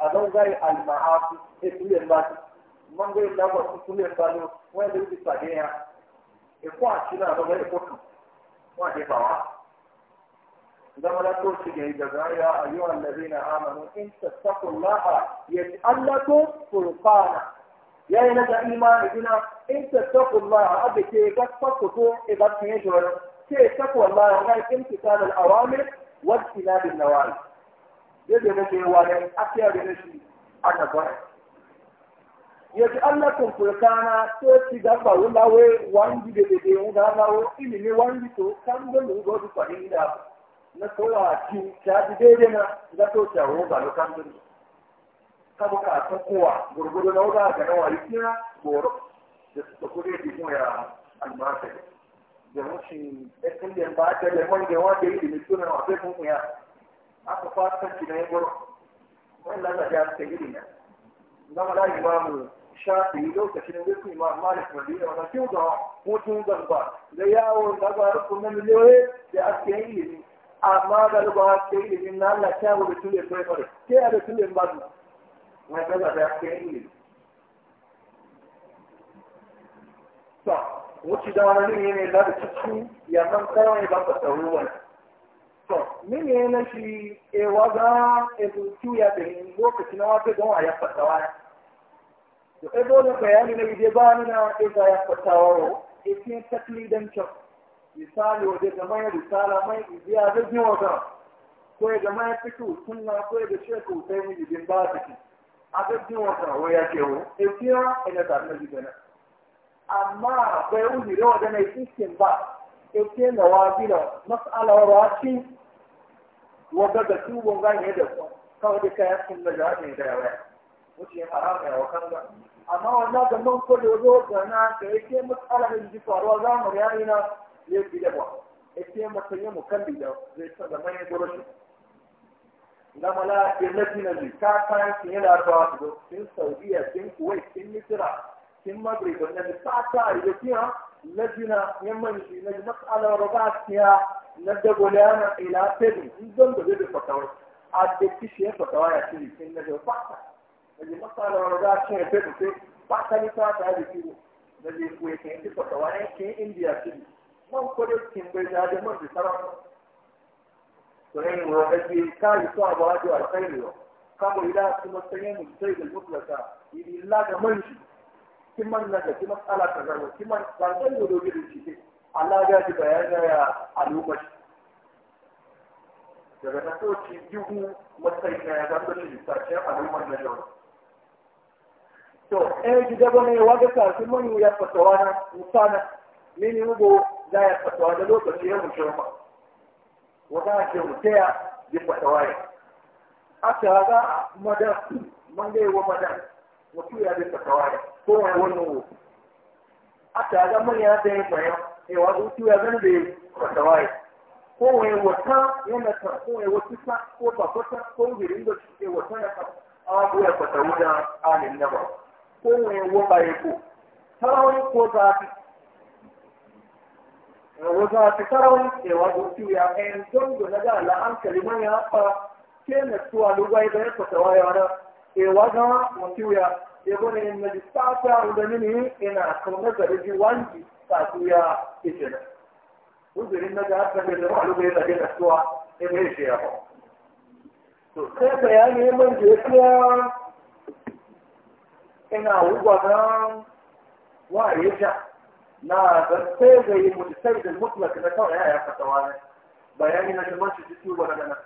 Speaker 1: alongari almaafi ekule mbali mango ndabo ekule mbali ko ubisageya ekwakira ababa ekotu waje bawa zama la to shi gai daga ya ayyuha allazina amanu in tattaqullaha yaj'al lakum furqana ya yi naga imani gina in ga e ga ga in awamir wa yadda nake wani akiya da nashi aka kwarai yaji Allah kun furkana to ci da ba wulawe wangi da dede da lawo ilimi wangi to kan da mu na kowa ci ta bi dede na da to ta ho lokan ka ka ta na wuda ga nawa yikina goro da su kure di mu ya almasa da mu shi da ba ta da mun wanda suna wa sai kun ya aka fatan ki na yi gurin wannan da ya ta iri na zama da imamu shafi lokacin da su imam malik madina wannan kin ga hutun zamba da yawo da ba su na miliyoyi da ake yi ne amma da ba ake yi ne na Allah ta wuce tule sai bare ke da tule ba su wannan da ake yi ne to wuce da wani ne da cikin ya san kawai ba ta ruwa mini yana shi e waga e eh, tutu ya bin lokaci na wata don a ya fatawa ya to e dole bayani na ide ba ni na e ga ya fatawa ro e ke taklidan cho misali waje da mai risala mai idiya da jiwa ga ko e ga mai fitu na ko e ga sheku sai ni bin ba ta a ga jiwa ga waya ke wo e fiya e da ta na gidana amma bai uzuri wajen na iskin ba e ke na wajira mas'ala wa rashin wanda ga su bon ga ne da ku kawai da kayan sun da jaɗe da yawa wuce fara ya wa kanga amma wannan da man ko da zo ga na da yake da ji faruwa za mu yayi na ya bi da ba yake mata ya mu kan da zai ta da mai goroshi na mala irnati na ji ka kayan sun yana ba su sun saudiya sun kuwai sun misira sun na da ta ta yi da kiya na yamman shi na matsalar rabatiya na dagwalana ila tebin in zan da zai fatawa a da kishi ya fatawa ya shiri sun na zai fata da zai masa da wani za a cin ya tebin sai ba ta ni ta ta da kiro da zai kuwa ke yanki fatawa ya ke indiya shiri man kwado kin bai da da man da sarrafa to ne mu da ke kai so abu hadu alkhairiyo kabo ila kuma sanin mu sai da mutlaka idan la da manshi kiman na da kiman ala kaza kiman ba zan yi dogi da shi Allah ya ji bayan gaya a lokaci. Daga ta soci jihu matsayi na ya zama shi a al'ummar na yau. To, ɗaya eh, gida ba ne wa ga kafin manu ya fatawa na musana, mini mugo za ya fatawa da lokaci ya mutu ma. Wata ake mutaya ya fatawa ya. Aka ga madan, mangaye wa madan, mutu ya bi fatawa ya, kowane wani wo. Aka ga manya da ya bayan ewa ukiwa zambe watawai ko wai wata yana ta ko wai wata ta ko ba wata ko girin da ke wata ya ta a buya ba ta wuda alin na ba ko wai wata ya ko tarawai ko zafi wa zafi tarawai ewa ukiwa en don da daga la'an ya fa ke na tuwa lugwai da ya fatawa ya ra ewa ga ukiwa ya gona yin na jistata da mini ina kan fatiya ita nan uzurin na ga haka da zama alubai ya zage da suwa ya mai shi ya to sai bayani ya man jefiya ina wuba na wari ya na zarce da yi mutisai da mutlaka na kawai ya ya fata wani bayani na jaman shi jiki wa daga nan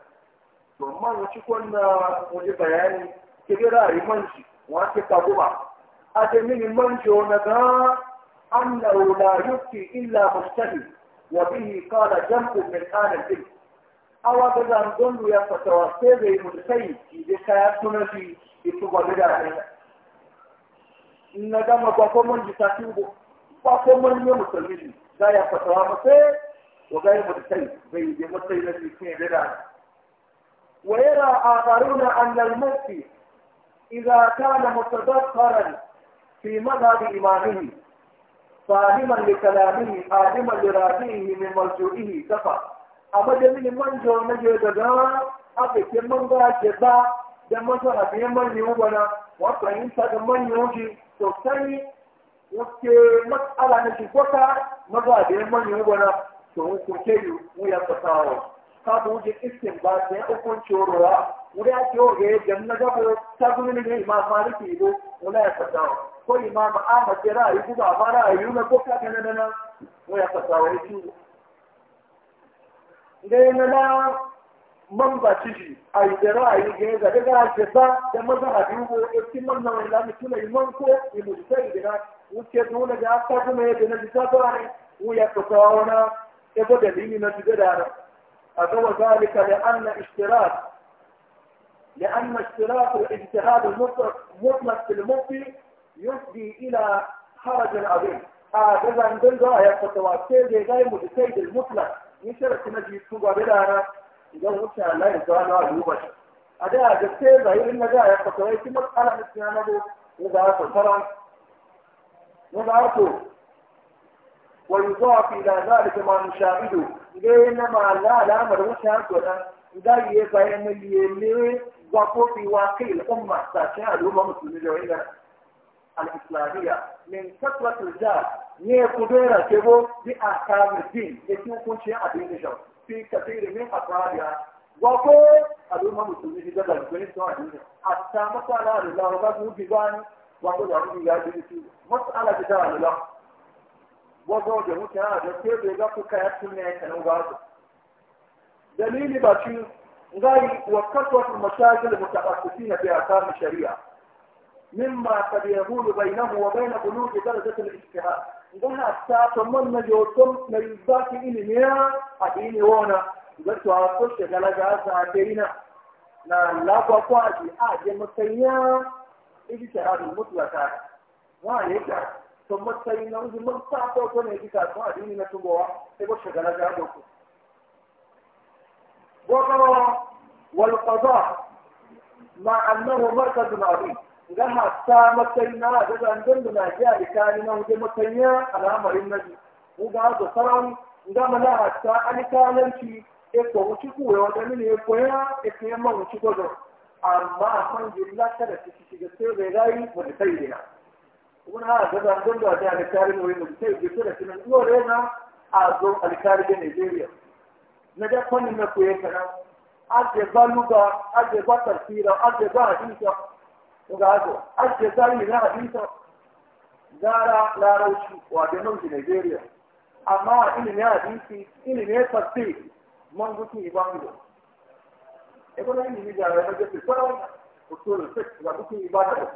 Speaker 1: to man wasu kwanna wani bayani kira a yi man shi wani ke kaguba a ce mini man shi wani ga أنه لا يبكي إلا مجتهد وبه قال جمع من آل الإبل أو بذن دل يتتوسط المجتهد إذا كانت في إتوبة بداية إنما بقوم جتاتيبه بقوم يمسلمين لا يتتوسط وغير مجتهد بين مجتهد في سنة بداية ويرى آخرون أن المفتي إذا كان متذكرا في مذهب إمامه صالما لكلامه عالما لراجعه من مرجوعه كفى أما جميل من جو نجو دجا أبك من غا جبا دم أبي من يوبنا وطعين تغمن يوجي تسعي وكي مسألة نشي فتا بطا أبي من يوبنا تهو ويا تساوش sabu je iskin ba sai ukun chorowa wuda ciwo ga janna gabo sabu ne ne imam maliki go wala ya fadawa ko imam ahmad ya rayu ko ba fara ayu yi ko ka kana nan ko ya fadawa ya ci ga na na man ba ci ji ai da rayu ga da daga ce ba da maza a ya iskin man nan da mutum yi man ko ya mutsai da wuce dole ga sabu ne da na bisa ba ne ko ya fadawa na ya da dalili na shiga da فهو ذلك لأن اشتراك لأن اشتراك الاجتهاد المطلق في المفتي يفضي إلى حرج عظيم هذا عند الله يا فتوى السيد غير مجتهد المطلق يشرك نجي سوى بلانا إذا وشى الله يزال يوبش هذا عند السيد غير إن يا ظاهر فتواتير مسألة مسيانة وضعت الفرع وضعته ويضاف إلى ذلك ما نشاهده ilé náà máa lá àlámọ̀ ló ń ṣe àgbọ̀dá ìdá yìí ẹgbà ẹni yìí ẹlẹ́rẹ́ wà kó fi wá kí ìlẹ́kùn máa ṣàṣẹ àlùmọ́ mùsùlùmí lọ ilẹ̀ alìsìlámíyà ní sẹ́kùlọ́tì ní ẹkùn tó yẹra ṣe bí àkàmì dín etí ń kún ṣe àdéhùnṣàn fi kàfíìrì ní àkàrà wà kó àlùmọ́ mùsùlùmí ti dọ́gba ìgbẹ́ni sọ àdéhùn da wazo da mutane da ke bai ga kuka ya tunne ya kanin dalili ba shi ngai wa kaswatu mashagil mutaqassisin fi ahkam shari'a mimma qad bai bainahu wa bain qulub darajat al-ijtihad ngana ta to man na yo na na yubaki ilimi ya adini wona gato a ko shagala ga sa daina na lagwa kwaji a je mutu ijtihad tara. wa yake to matsayi na wajen man sa ne ko ne kika to addini na tubowa sai ko shagala ga doku ku wa wal qada ma annahu markazun azim ga hatta matsayi na ga zandan da na ji a ikani na wajen matsayi al'amarin nabi mu ga ga saran ga mana hatta alƙalanci e ko wuci ku e wa da ne ko ya e ko ya ma wuci ko amma san jilla kada ci ci ga sai bai rai mu da sai dina wani hana da zan gando a jihar alkari mai mutai bi tura kinan ɗore na a zo alkari da nigeria na da kwani na koye kana ake ba luga ake ba tafsira ake ba hadisa daga haka ake zali na hadisa gara larauci wato nan da nigeria amma ilimin hadisi ne tafsir man gutu ni ebe na ilimin jarabe na gefe sauran usulun sik ga gutu ibanu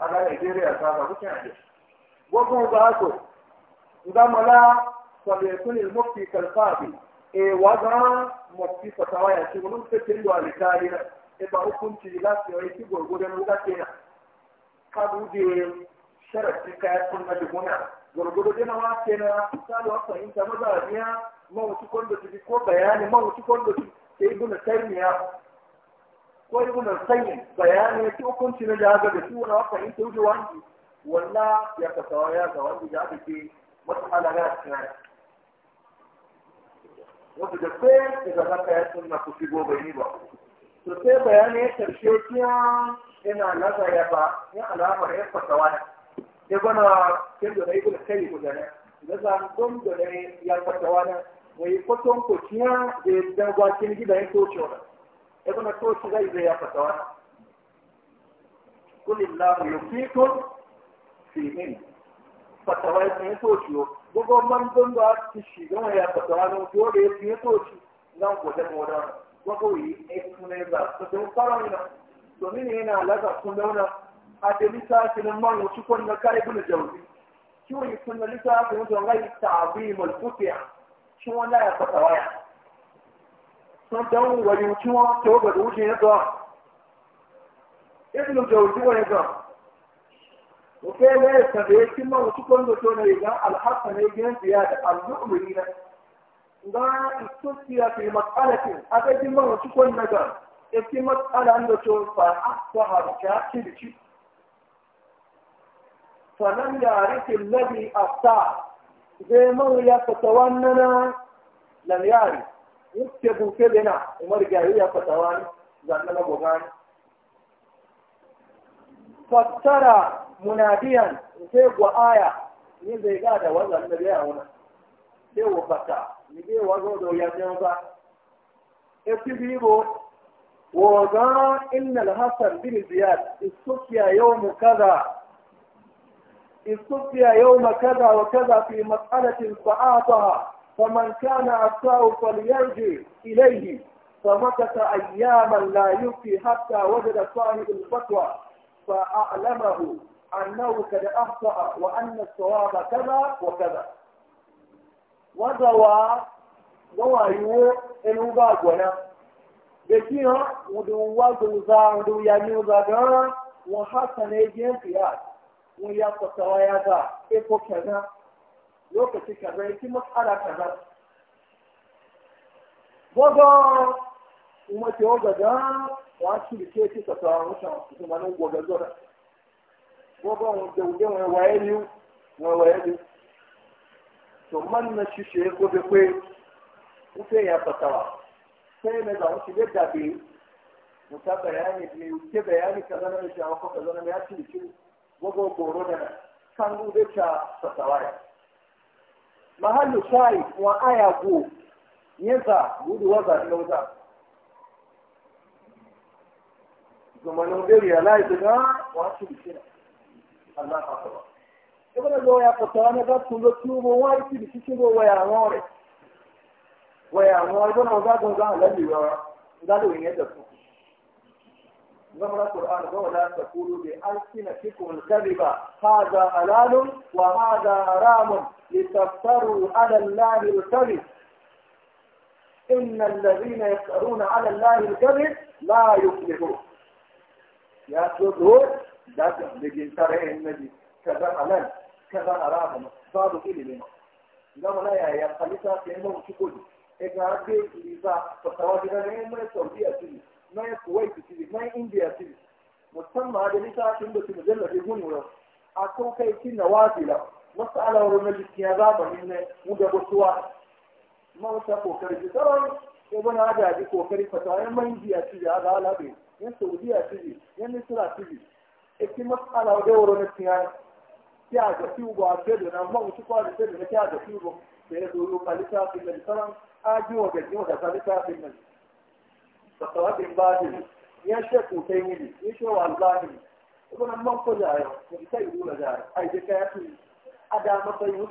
Speaker 1: ala nigeria sasa kukyanje wakunzaako nga mala falyekuni lmufti kalfabi ewaga mufti fatawa ya e hukunci yakibona ka alikalira eba hukunciriga siwaikigorgoren lugatena kabude sharati kaya sunna duguna gorgodo dena wakena salo wafahimta mazabiya mawuci kondo tigi ko bayani mawuci kondo tigi sai ibuna taimiya ko ibn al-qayyim bayani yake hukunci na jaga da ciwon haka in ta wuce wani walla ya ka tawaya ga wani da aka ce mas'ala ga tsaya wanda da kai da ga ka ya sunna ku shigo bai ba to sai bayani ya karshe kiya ina naza ya ba ya alamar ya fatawa ya bana kin da ibn al-qayyim da ne da zan don da ya fatawa ne wai kwaton ko kiya da dangwa kin gidan ko cewa ya kuma to zai zai ya fata wani kulillahu yufikum fihin fatawa ya tsaye yo gugu man don da shi shi gama ya fata wani ko da ya tsaye to shi zan ko da yi ne kuma ya ba su domin yana laga kun dauna a da kiwon sun na lissafin wajen wanda ya sandan wayin kiwon ta waga da wuce yadda ibn jawzi wa yadda ko kai ne ta da yake ma wasu kon da to ne ga al-hasan ne gin ziyada al-mu'minina ga istusiya fi mas'alatin aka ji ma wasu kon na ga yake mas'ala an da to fa asahar ka ci ci فمن يعرف الذي أفتى زي ما هي تتوننا لم يعرف wuce buke da na umar gari ya fata wani zanna na gogani fassara munadiyan sai gwa aya ni zai ga da wannan da ya wuna sai wa fata ni zai wazo da ya ne ba esi bibo wa ga inna al-hasan bin ziyad istufiya yawm kaza istufiya yawm kaza wa kaza fi mas'alatin fa'ataha فمن كان أفتاه فليرجع إليه فمكث أياما لا يبكي حتى وجد صاحب الفتوى فأعلمه أنه قد أخطأ وأن الصواب كذا وكذا وزوى ووايو إنه باقونا يجيها ودوا دوزا ودوا يميو زاقا وحسن يجين فيها ويا فتوى يا ذا إيه كذا lokaci kaza ya ci matsala kaza gogo kuma ke oga ga wa da ke ci kasa wata kuma nan goga zora gogo da mai waye ni mai waye ni to man na shi shi ko be kwe kuke ya fatawa sai na ga shi da bayani ne ke bayani kaza na shi ko kaza na ya ci gogo goro da kan ta fatawa mahallu shayi wa aya go yasa gudu waza ina wuta zumanin ya realize na ah, wasu bishira Allah ka saba ibn Allah ya fata wani ga tulo tubo wai ki bishi go waya ngore waya ngore don waza gonza halabi wa ngalo yadda su نمرة القرآن لا تقولوا بألسنتكم الكذبه هذا حلال وهذا حرام لتفتروا على الله الكذب إن الذين يفترون على الله الكذب لا يفلحون يا تدور لا تحبجين ترى النبي كذا حلال كذا حرام صادق إلي لما لما لا يا خليفة كأنه شكوه إذا أردت إذا فتواجد لهم يسوي أسيني na kuwait civic na india civic musamman da tun da su mujallabe gun wurin a kan kai kin na wafila wasu alawar na jikin zamanin ne mu da basuwa ma wata kokari ji tsawon ko bana da ji kokari fata ya man jiya civic a da alabe yan saudiya civic yan nisira civic ekin matsala da wurin na cikin tí a jọ sí ugbọ àgbẹ̀dọ̀ náà mọ̀ òtún kọ́ àdìsẹ́dọ̀ ní tí a jọ sí da tẹ̀lé a ji wa fìmẹ̀lì ji wa da ọ̀dàtà lítà fìmẹ̀lì فقرات باطل يشك وتيمين يشوى الظالم يقول من فجاء يقول لجاء أي ذكاء أدام الطيوش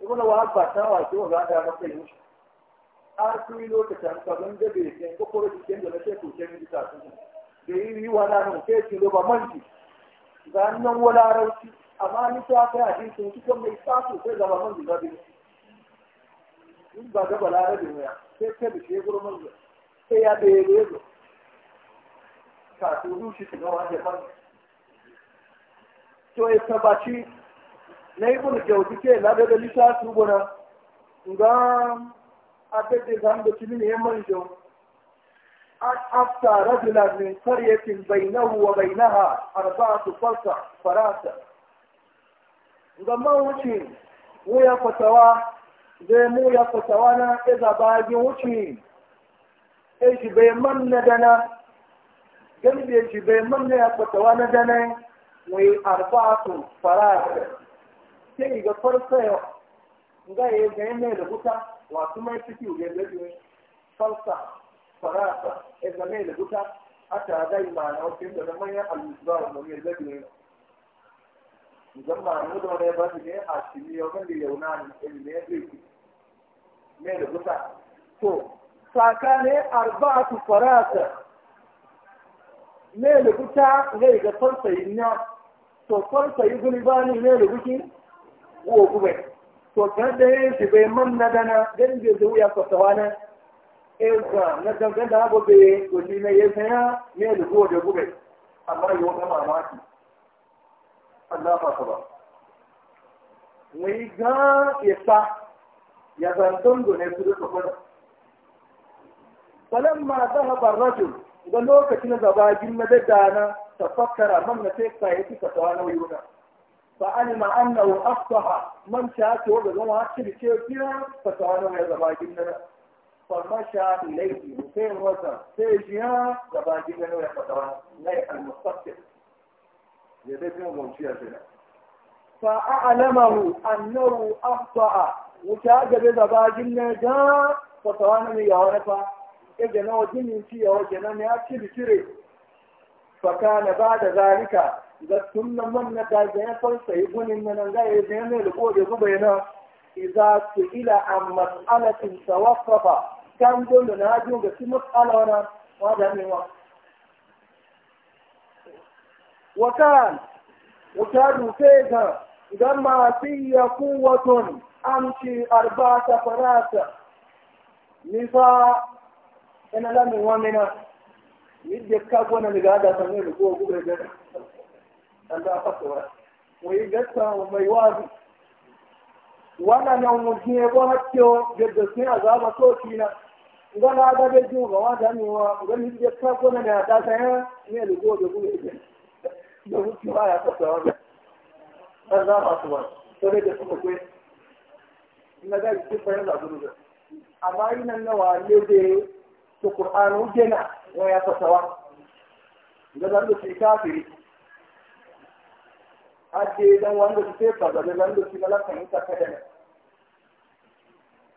Speaker 1: يقول وهذا باتا وعشوى أدام الطيوش أرسل لوكتا فمن جبيتين وقرد الجنة لشك وتيمين بتاعتهم da yi yi wa ranar sai tilo ba manki ga nan wala rauci amma ni ta kai hadisin shi kan mai tsaso sai gaba man da zabi in ba ga balarabe ne sai ta bishe gurman sai ya bayyana yadda kafin zuci su gawa da ban to ya tabbaci na yi kun kyautu ke lada da lita su gona ga abin da zan da cimin yamman jau أفتى رجلا من قرية wa bainaha أربعة فرسة فراسة zaman wuce mu ya fatawa zai mu ya fatawa na iza bagin wucin. e ji bai man na dana ya kpatawa na dana mai arba'atu fara'ata sai ga farsayo e ga ya ga yana da buta wasu mai fiki e ga da ne ya ga e mai da buta ata ga manyan ne a shirya wanda yauna ne ساكان أربعة فراسة ميل بتاع غير قصر سيدنا سوصر سيدنا باني ميل بكي وقبت سوصر ده سبي من ندنا دل جزو يا سوصوانا إذا ندن قد أبو بي قلني ما يسنا ميل بو جو قبت الله يوضع ما ماتي الله فاطبا ويجا يسا يزن تنجو نفسه فلما ذهب الرجل إذا لو كتنا زباجين مددانا تفكر من نسيك سايتي فتوانا ويونا فعلم أنه أصبح من شاته وقال هاتش بشيء فيها فتوانا ويا زباجين لنا فمشى إليه وفين وزن سيجيها زباجين لنا ويا فتوانا لا المستقبل من ومشيها جنا فأعلمه أنه أخطأ وشاهد بزباجين لنا فتوانا ويا ونفا ya gana wa jinin ci yawa gana ne ya ci bikire faka na ba da zarika ga sunan man na gajen farsa yi gunin nan ga ya zai ne da kode zuba yana iza su ila an mas'alatin tawaffafa kan dole na ajiyo ga su mas'ala wana wa da mewa wakan wata dufe ga idan ma fi ya kuwatun amshi arba ta farasa nisa ina la mi wa mina yidde ka gona mi ga da sanu ni ko gure da an da fa sura mu yi gatta mu mai wazi wala na mu je ko hakko da da sai azaba to kina ngana ga be ju ga wa da wa ngani yidde ka gona da da sai ne ni ko da gure da da mu ya fa sura an da fa sura sai da kuma ko ina ga ki fa na da gure amma ina na wa ne to qur'anu jena wa ya fatawa da zan da shi kafiri ade dan wanda su tefa da zan da shi malaka ne ta kada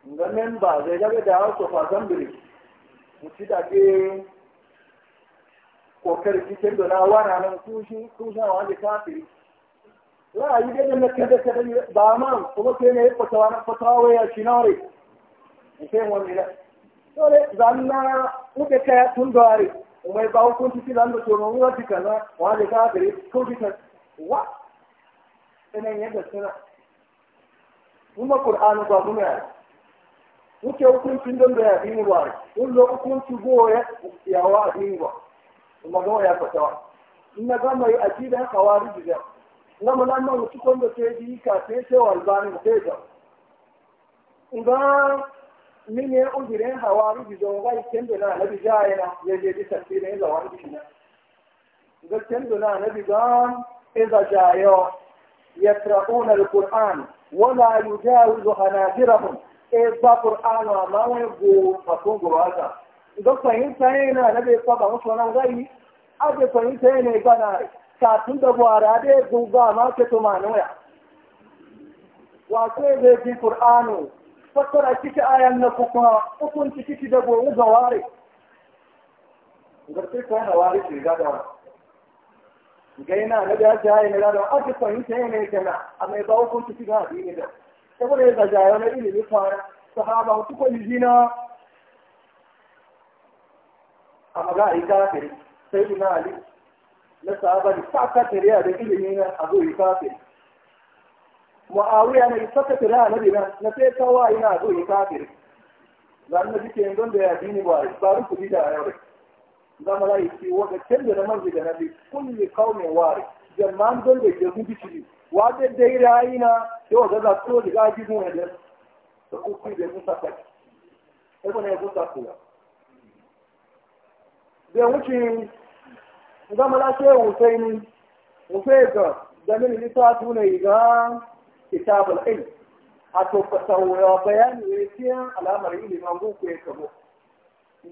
Speaker 1: ne ga memba zai daga da hausa fa zambiri mu ci da ke kokari cikin da na wana nan tushen tushen wanda kafiri ra'ayi dai da nake da kada ba ma kuma sai ne fatawa na fatawa ya shinare sai wani da sore zanna muke kaya tun dare mai ba hukunci ci zan da tsoron ruwa ci kaza wa da ka gare ko ci ta wa ne da suna kuma qur'ani ba kuma ya muke hukuncin don da ya bi mu ba kun lo hukunci go ya ya wa bi mu kuma go ya fatawa in na ga mai ajida khawarij da na mun nan mu ci da sai yi ka sai sai walbani sai da mini ya ujire hawa rubi zo wai kendo na nabi jayana ya je bi tafsirin da wani shi ga kendo na nabi gan idza jayo yaqra'una alquran wa la yujawizu hanajirahum e ba qur'an wa ma wai go fatun go haka ga fahimta yana nabi fa ba musu nan gai a ga fahimta yana ga na ka tun da buhara dai go ba ma ke to ma waya wa sai da bi Kur'anu. fassara ciki ayan na kuma hukunci kike da gobe ga ware garfe ko na ware ke ga da ga yana na da ta yana da aka fahimta yana kana amma ba hukunci kike ga dini da saboda ga jayo na ilimi fara sahaba su ko yijina amma a yi kafiri sai na ali na sahaba da ta kafiri da ilimi na abu kafiri muawiya na isaka tira na bina na sai tawa ina zo yi kafir zan na jike don da ya dini ba ba bi da yau zama la yi wata da na manzi da nabi kulli qaumin wari Jamman don da ke gudu shi wa da dai rayina sai wa gaza to daga gidan wajen da kuku da musa kai sai ko ne musa kula da wuce zama la sai Hussein Hussein ga da min litatu ne ga kitab al-ilm ato fasawa bayani ya ce al'amar ilimin boko ya kabo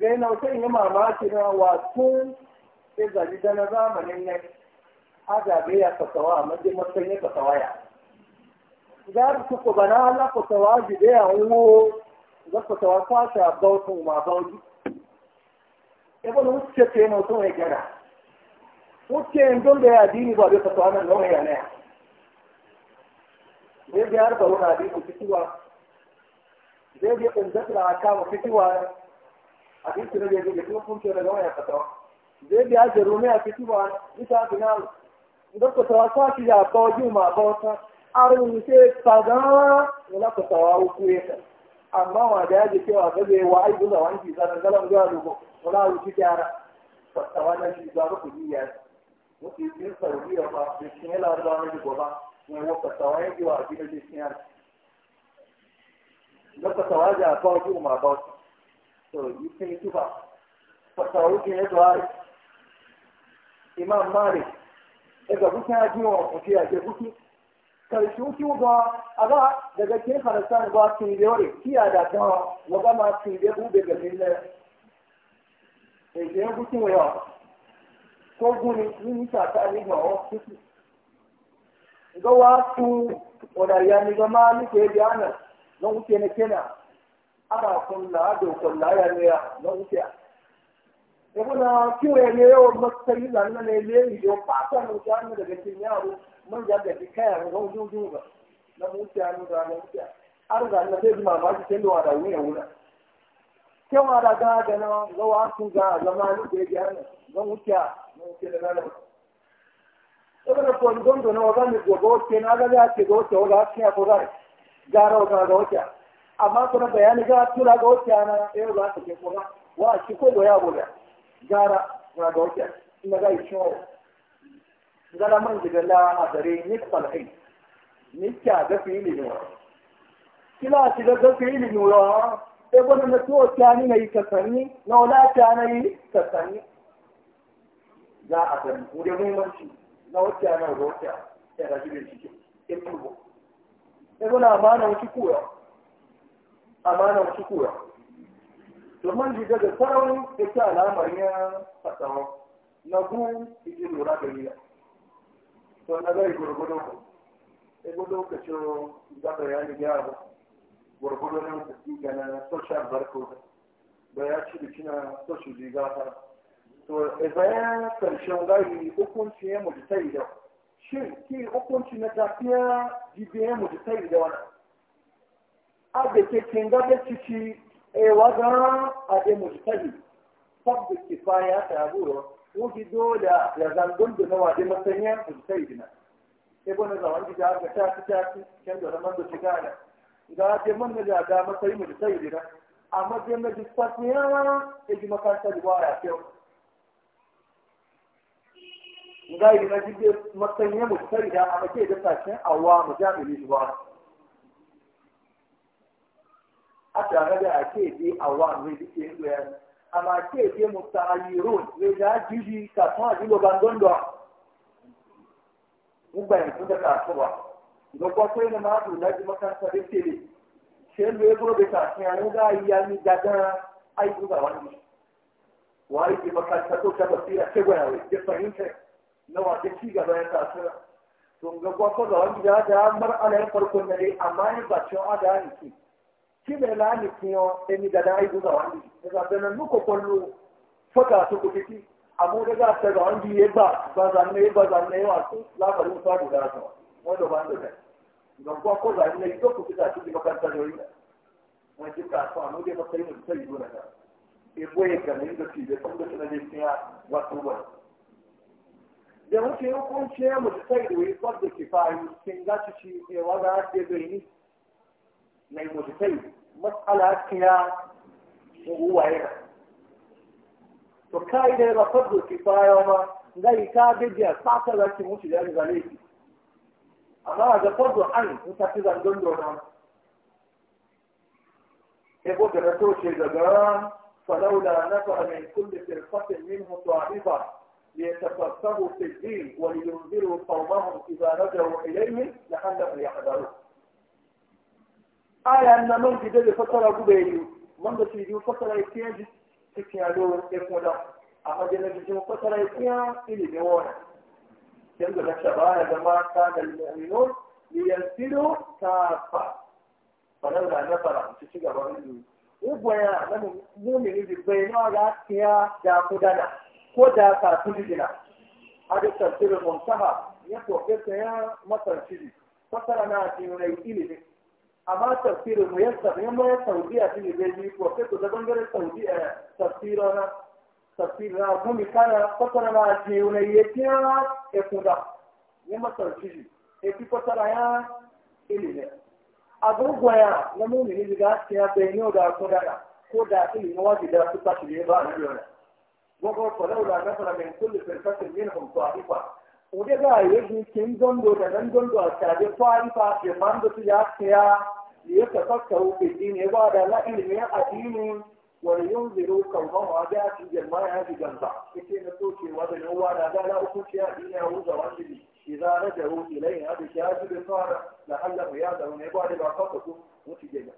Speaker 1: zai na wata yi mamaki na wato sai zaji da na zamanin nan agabe ya fasawa a majin matsayin ya fasawa ya za su kuka bana ala fasawa ji da ya wo za fasawa a bautin ma bauti ibn wuce ce mutum ya gyara. wuce yin dole ya dini ba bai fasawa nan nawa ya na zai bi har bauna hadisi fitiwa zai bi umzatul akam fitiwa hadisi na. da yake kuma kun ce daga waya fatawa zai bi har rumiya fitiwa ita bina idan ko tawa na ya ba ji ma ba ta arun ce faga wala ko tawa ku amma wa da cewa ga zai wa ai na galan zuwa na shi zuwa ku ya mutum sai ba shi ne larabawa ووقت تواجد وعدين الاثنين لقد تواجد أباوجه مع باوجه so you can do that فتواجد يدعي إمام مالك إذا بكنا جيوه وفي أجابوكي karshen su ba a ba daga cikin harsan ba sun da yore kiya da ta wa ba ma sun da bu daga milla e je gutun wa ko guni ni ta ta ni ba o ga wasu wadariya ni ga mali ke na wuce na kena ana kulla da kulla ya ne ya na ya kiwe ne yawa ne ne yi yo fata na wuce ja ga ga na wuce an da na wuce an da na sai mamaki sai wuna kewa da ga ga na ga wasu ga zamani ke bi ana na ya na da na saboda kwandon da na wazani gobe wace na ga ya ce ga wace wanda a cikin ko zai gara wata ga wace amma kuma bayani ga tura ga ana na yau za ta ke kuma wa shi ko da ya gobe gara na ga wace ina ga shi wa gara man diga la a dare ni falai ni ka ga fili ne kila shi ga fili ne wa e gwanin na tuwa tani na yi kasanni na wala tani na yi kasanni za a gani wurin muhimmanci na wacce na wacce ya ga jibe shi ke tubo e gona amana wuci kuwa amana wuci kuwa to man ji da ya na ku iji lura da nila to na zai e gudu ke ce ga bayani ya abu gurgudu nan ku ga na social barcode da ya ci kina social diga fara to bayan karshen gari hukunci ya mutu sai da shin ki hukunci na tafiya jibi ya mutu sai da wani a da ke kin gaba ciki e waga a da mutu sai sabbi kifaya ta buro wuji dole ya zangon da nawa da masanya mutu sai da sai bane zaman gida ga ta ta ta kan da man da shiga da ga je man da ga masai mutu sai da amma je na ji fasiya e ji makanta da waya kyau nga yi na jirgin matsayin mutari da a mace da tashin awa mu jami'in shi ba a tare da ake je awa mu yi ke yi amma ake je mutayirun ne da jiji kasuwa a jilo bandon da mun bayan sun da kasuwa ga kwakwai na matu na ji makaranta da ke ne shi yanzu ya gura da sashen ya nuga yi ya ni gagara aiki ga wani wani ke makaranta to ta basira ke gwaya wai ke fahimta na wata ci gaba ya tasira don ga kwafa ga wani ya da mar alayin farko na dai amma ya ba cewa da ni ki ki mai lani ki yo eni da dai guza wani da ga da nan nuko kollo faka su ku fiti amma da ga ta ga wani ya ba ba zan ne ba zan ne wa su la ba ru sa da ta da ba da kai don kwafa ga ni to ku fita ki makaranta da wani wani ji ka fa mu dai ba sai mu sai gona ta e boye ga ne da ci da kun da na ne ya wa su ba da muke hukunce mu da sai da wani kwarda kifayi sun za su ci cewa za a ce bai ni mai mutai matsala kiya ruwa yana to kai da ba kwarda kifayi ma zai ka bibiya sata za ki mutu da yanzu zane ki amma da kwarda an mutu ta zangon dona ebo da na toce daga falaula nafa min kulli firqatin minhu ta'ifa ليتفقهوا في الدين ولينذروا قومهم إذا رجعوا إليهم لعلهم يحذرون آية أن من جدد فترة قبيلي من بسيدي فترة يتيج تكيالون إفودا أحد ينجزون فترة يتيا إلي بيوانا يقول لك شباب ما كان المؤمنون ليسيروا كافة فلولا نفر تشيك أبغاني وبيا من مؤمن بالبينات يا دافدنا ko da ka kafin rigina har tafsirin muntaha ya to profesa ya masar shiri fasara na ji ne ilimi amma tafsirin mu yasa ya mai saudiya shi zai yi profesa da bangare saudi saudiya eh, tafsirin na tafsirin na kuma kana fasara na ji jinrai ya kira ya kuda ya masar shiri ya fi fasara ya ilimi agogwaya na ne da ga ya bayyana da kudana ko da ilimi wajibi da su ta da ba a biyar وهو فلولا نفر من كل فرقة منهم طائفة وده بقى يجي كم جندو ده من جندو أستاذ طائفة يمان دو تجاك يا يتفكروا في الدين يبقى لا علم يقين ولينذروا قومهم وجاء في جماعة هذه جنبا كتير نتوشي وضع هو هذا لا أخشي دين أو وانجلي إذا رجعوا إليها بشهادة صار لحلق يعلمون يبقى لبعض فقطوا وتجيبا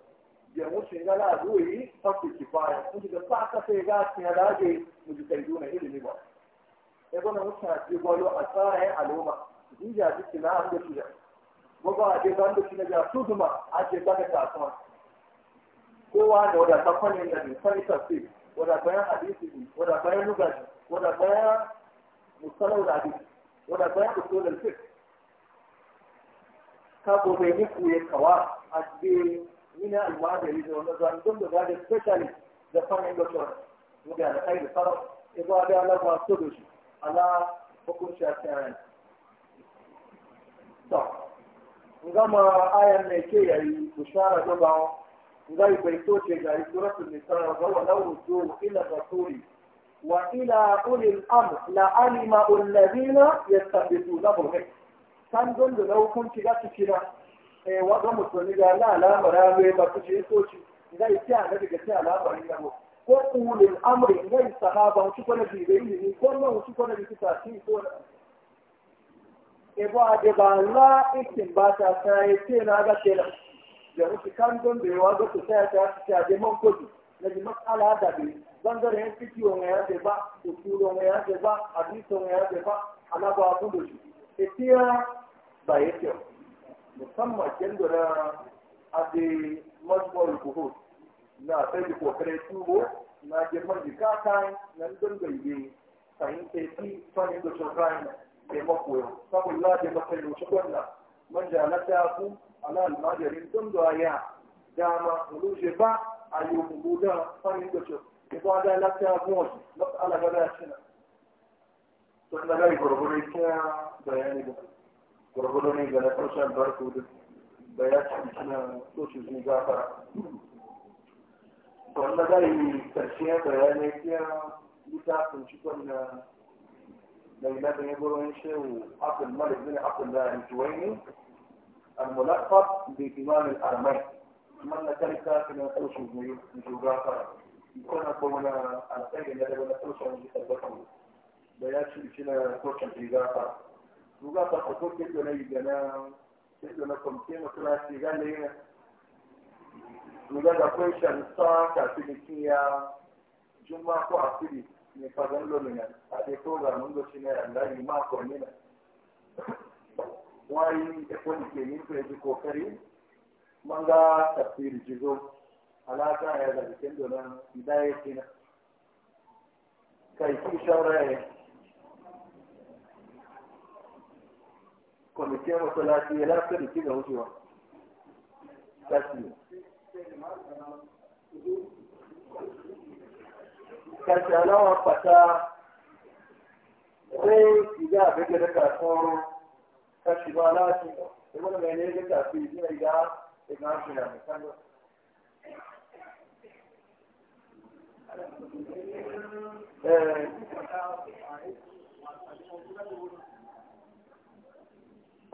Speaker 1: يموت إلى لا أدوي فصل كفاية مجد الصعقة سيغات من هذا ba. تيدون إلي نبا يقولنا مجد يقولوا أثار علومة دي جاء جدنا عند الشجاع وقع جبان بشنا جاء سوزما أجبان كاسما kowa da wadatakwani da ne sani tafsir wadatakwani hadisi ne wadatakwani lugashi wadatakwani musalau da hadisi wadatakwani usul al-fiqh ka gobe ni kuye a cikin هنا المعادلة والنظام ضمن هذا سبيشالي ذا فرع الوشرة وقال على خير الطرف إضافة على ما صدوش على حكم شاكان طب نظام آية ملكية يعني مشارة جبعه نظام بيتوتي جاي يعني سورة النساء وهو لو رجوع إلى الرسول وإلى أولي الأمر لعلم الذين يستنبطونه كان ضمن لو كنت لا تكره e eh, wata musulmi da na alamara mai ba su ce soci zai ci a daga ci alamari na mu ko ulul amri zai sahaba ko na bibe agwa ko na wuci ko na bikita shi ko na ebo ade ba la ikin ba ta sai ce na ta na ji mas'ala da bi zanzar yan fikiyo ne ya ce ba usulu ya ya ala musamman kendo na ade mazbar buhut na sai da kokarin tubo na girman jikata na dangaye fahimta fi fanin da shokan taimako yau saboda da matsayin wuce kwanna man jalata ku ala almajarin ya dama ruje ba a yi da da gada shi na. yi ta bayani da gwargwado ne ga na ƙarshe albarku duk da ya ci suna soci su gafara wanda zai ليلة يقولون شيء عبد الملك بن عبد الله الجويني الملقب بإمام الأرمين من تلك في نقوش الجغرافة يكون قولنا الخير الذي نقوش عن جسد بياتي إلى نقوش الجغرافة duga ba ko ko ke na yigana ke na ko ke na kula ti ga ne na duga da ko ti ki juma ko asiri ne fa ga lo ne a de ko ga mun go shi ne Allah ma ko ne wai e ko ni ni ko ji ko kari manga tafsir jigo alaka ya da kendo na hidayah kina kai ki shawra kwamitin masalaci ya lafiya da ke ga wucewa tashi tashi alawa fata sai iga a gaga da kasuwar kashi ba lati wani mai ne ga tafi iga iga ina shi ya musamman Eh,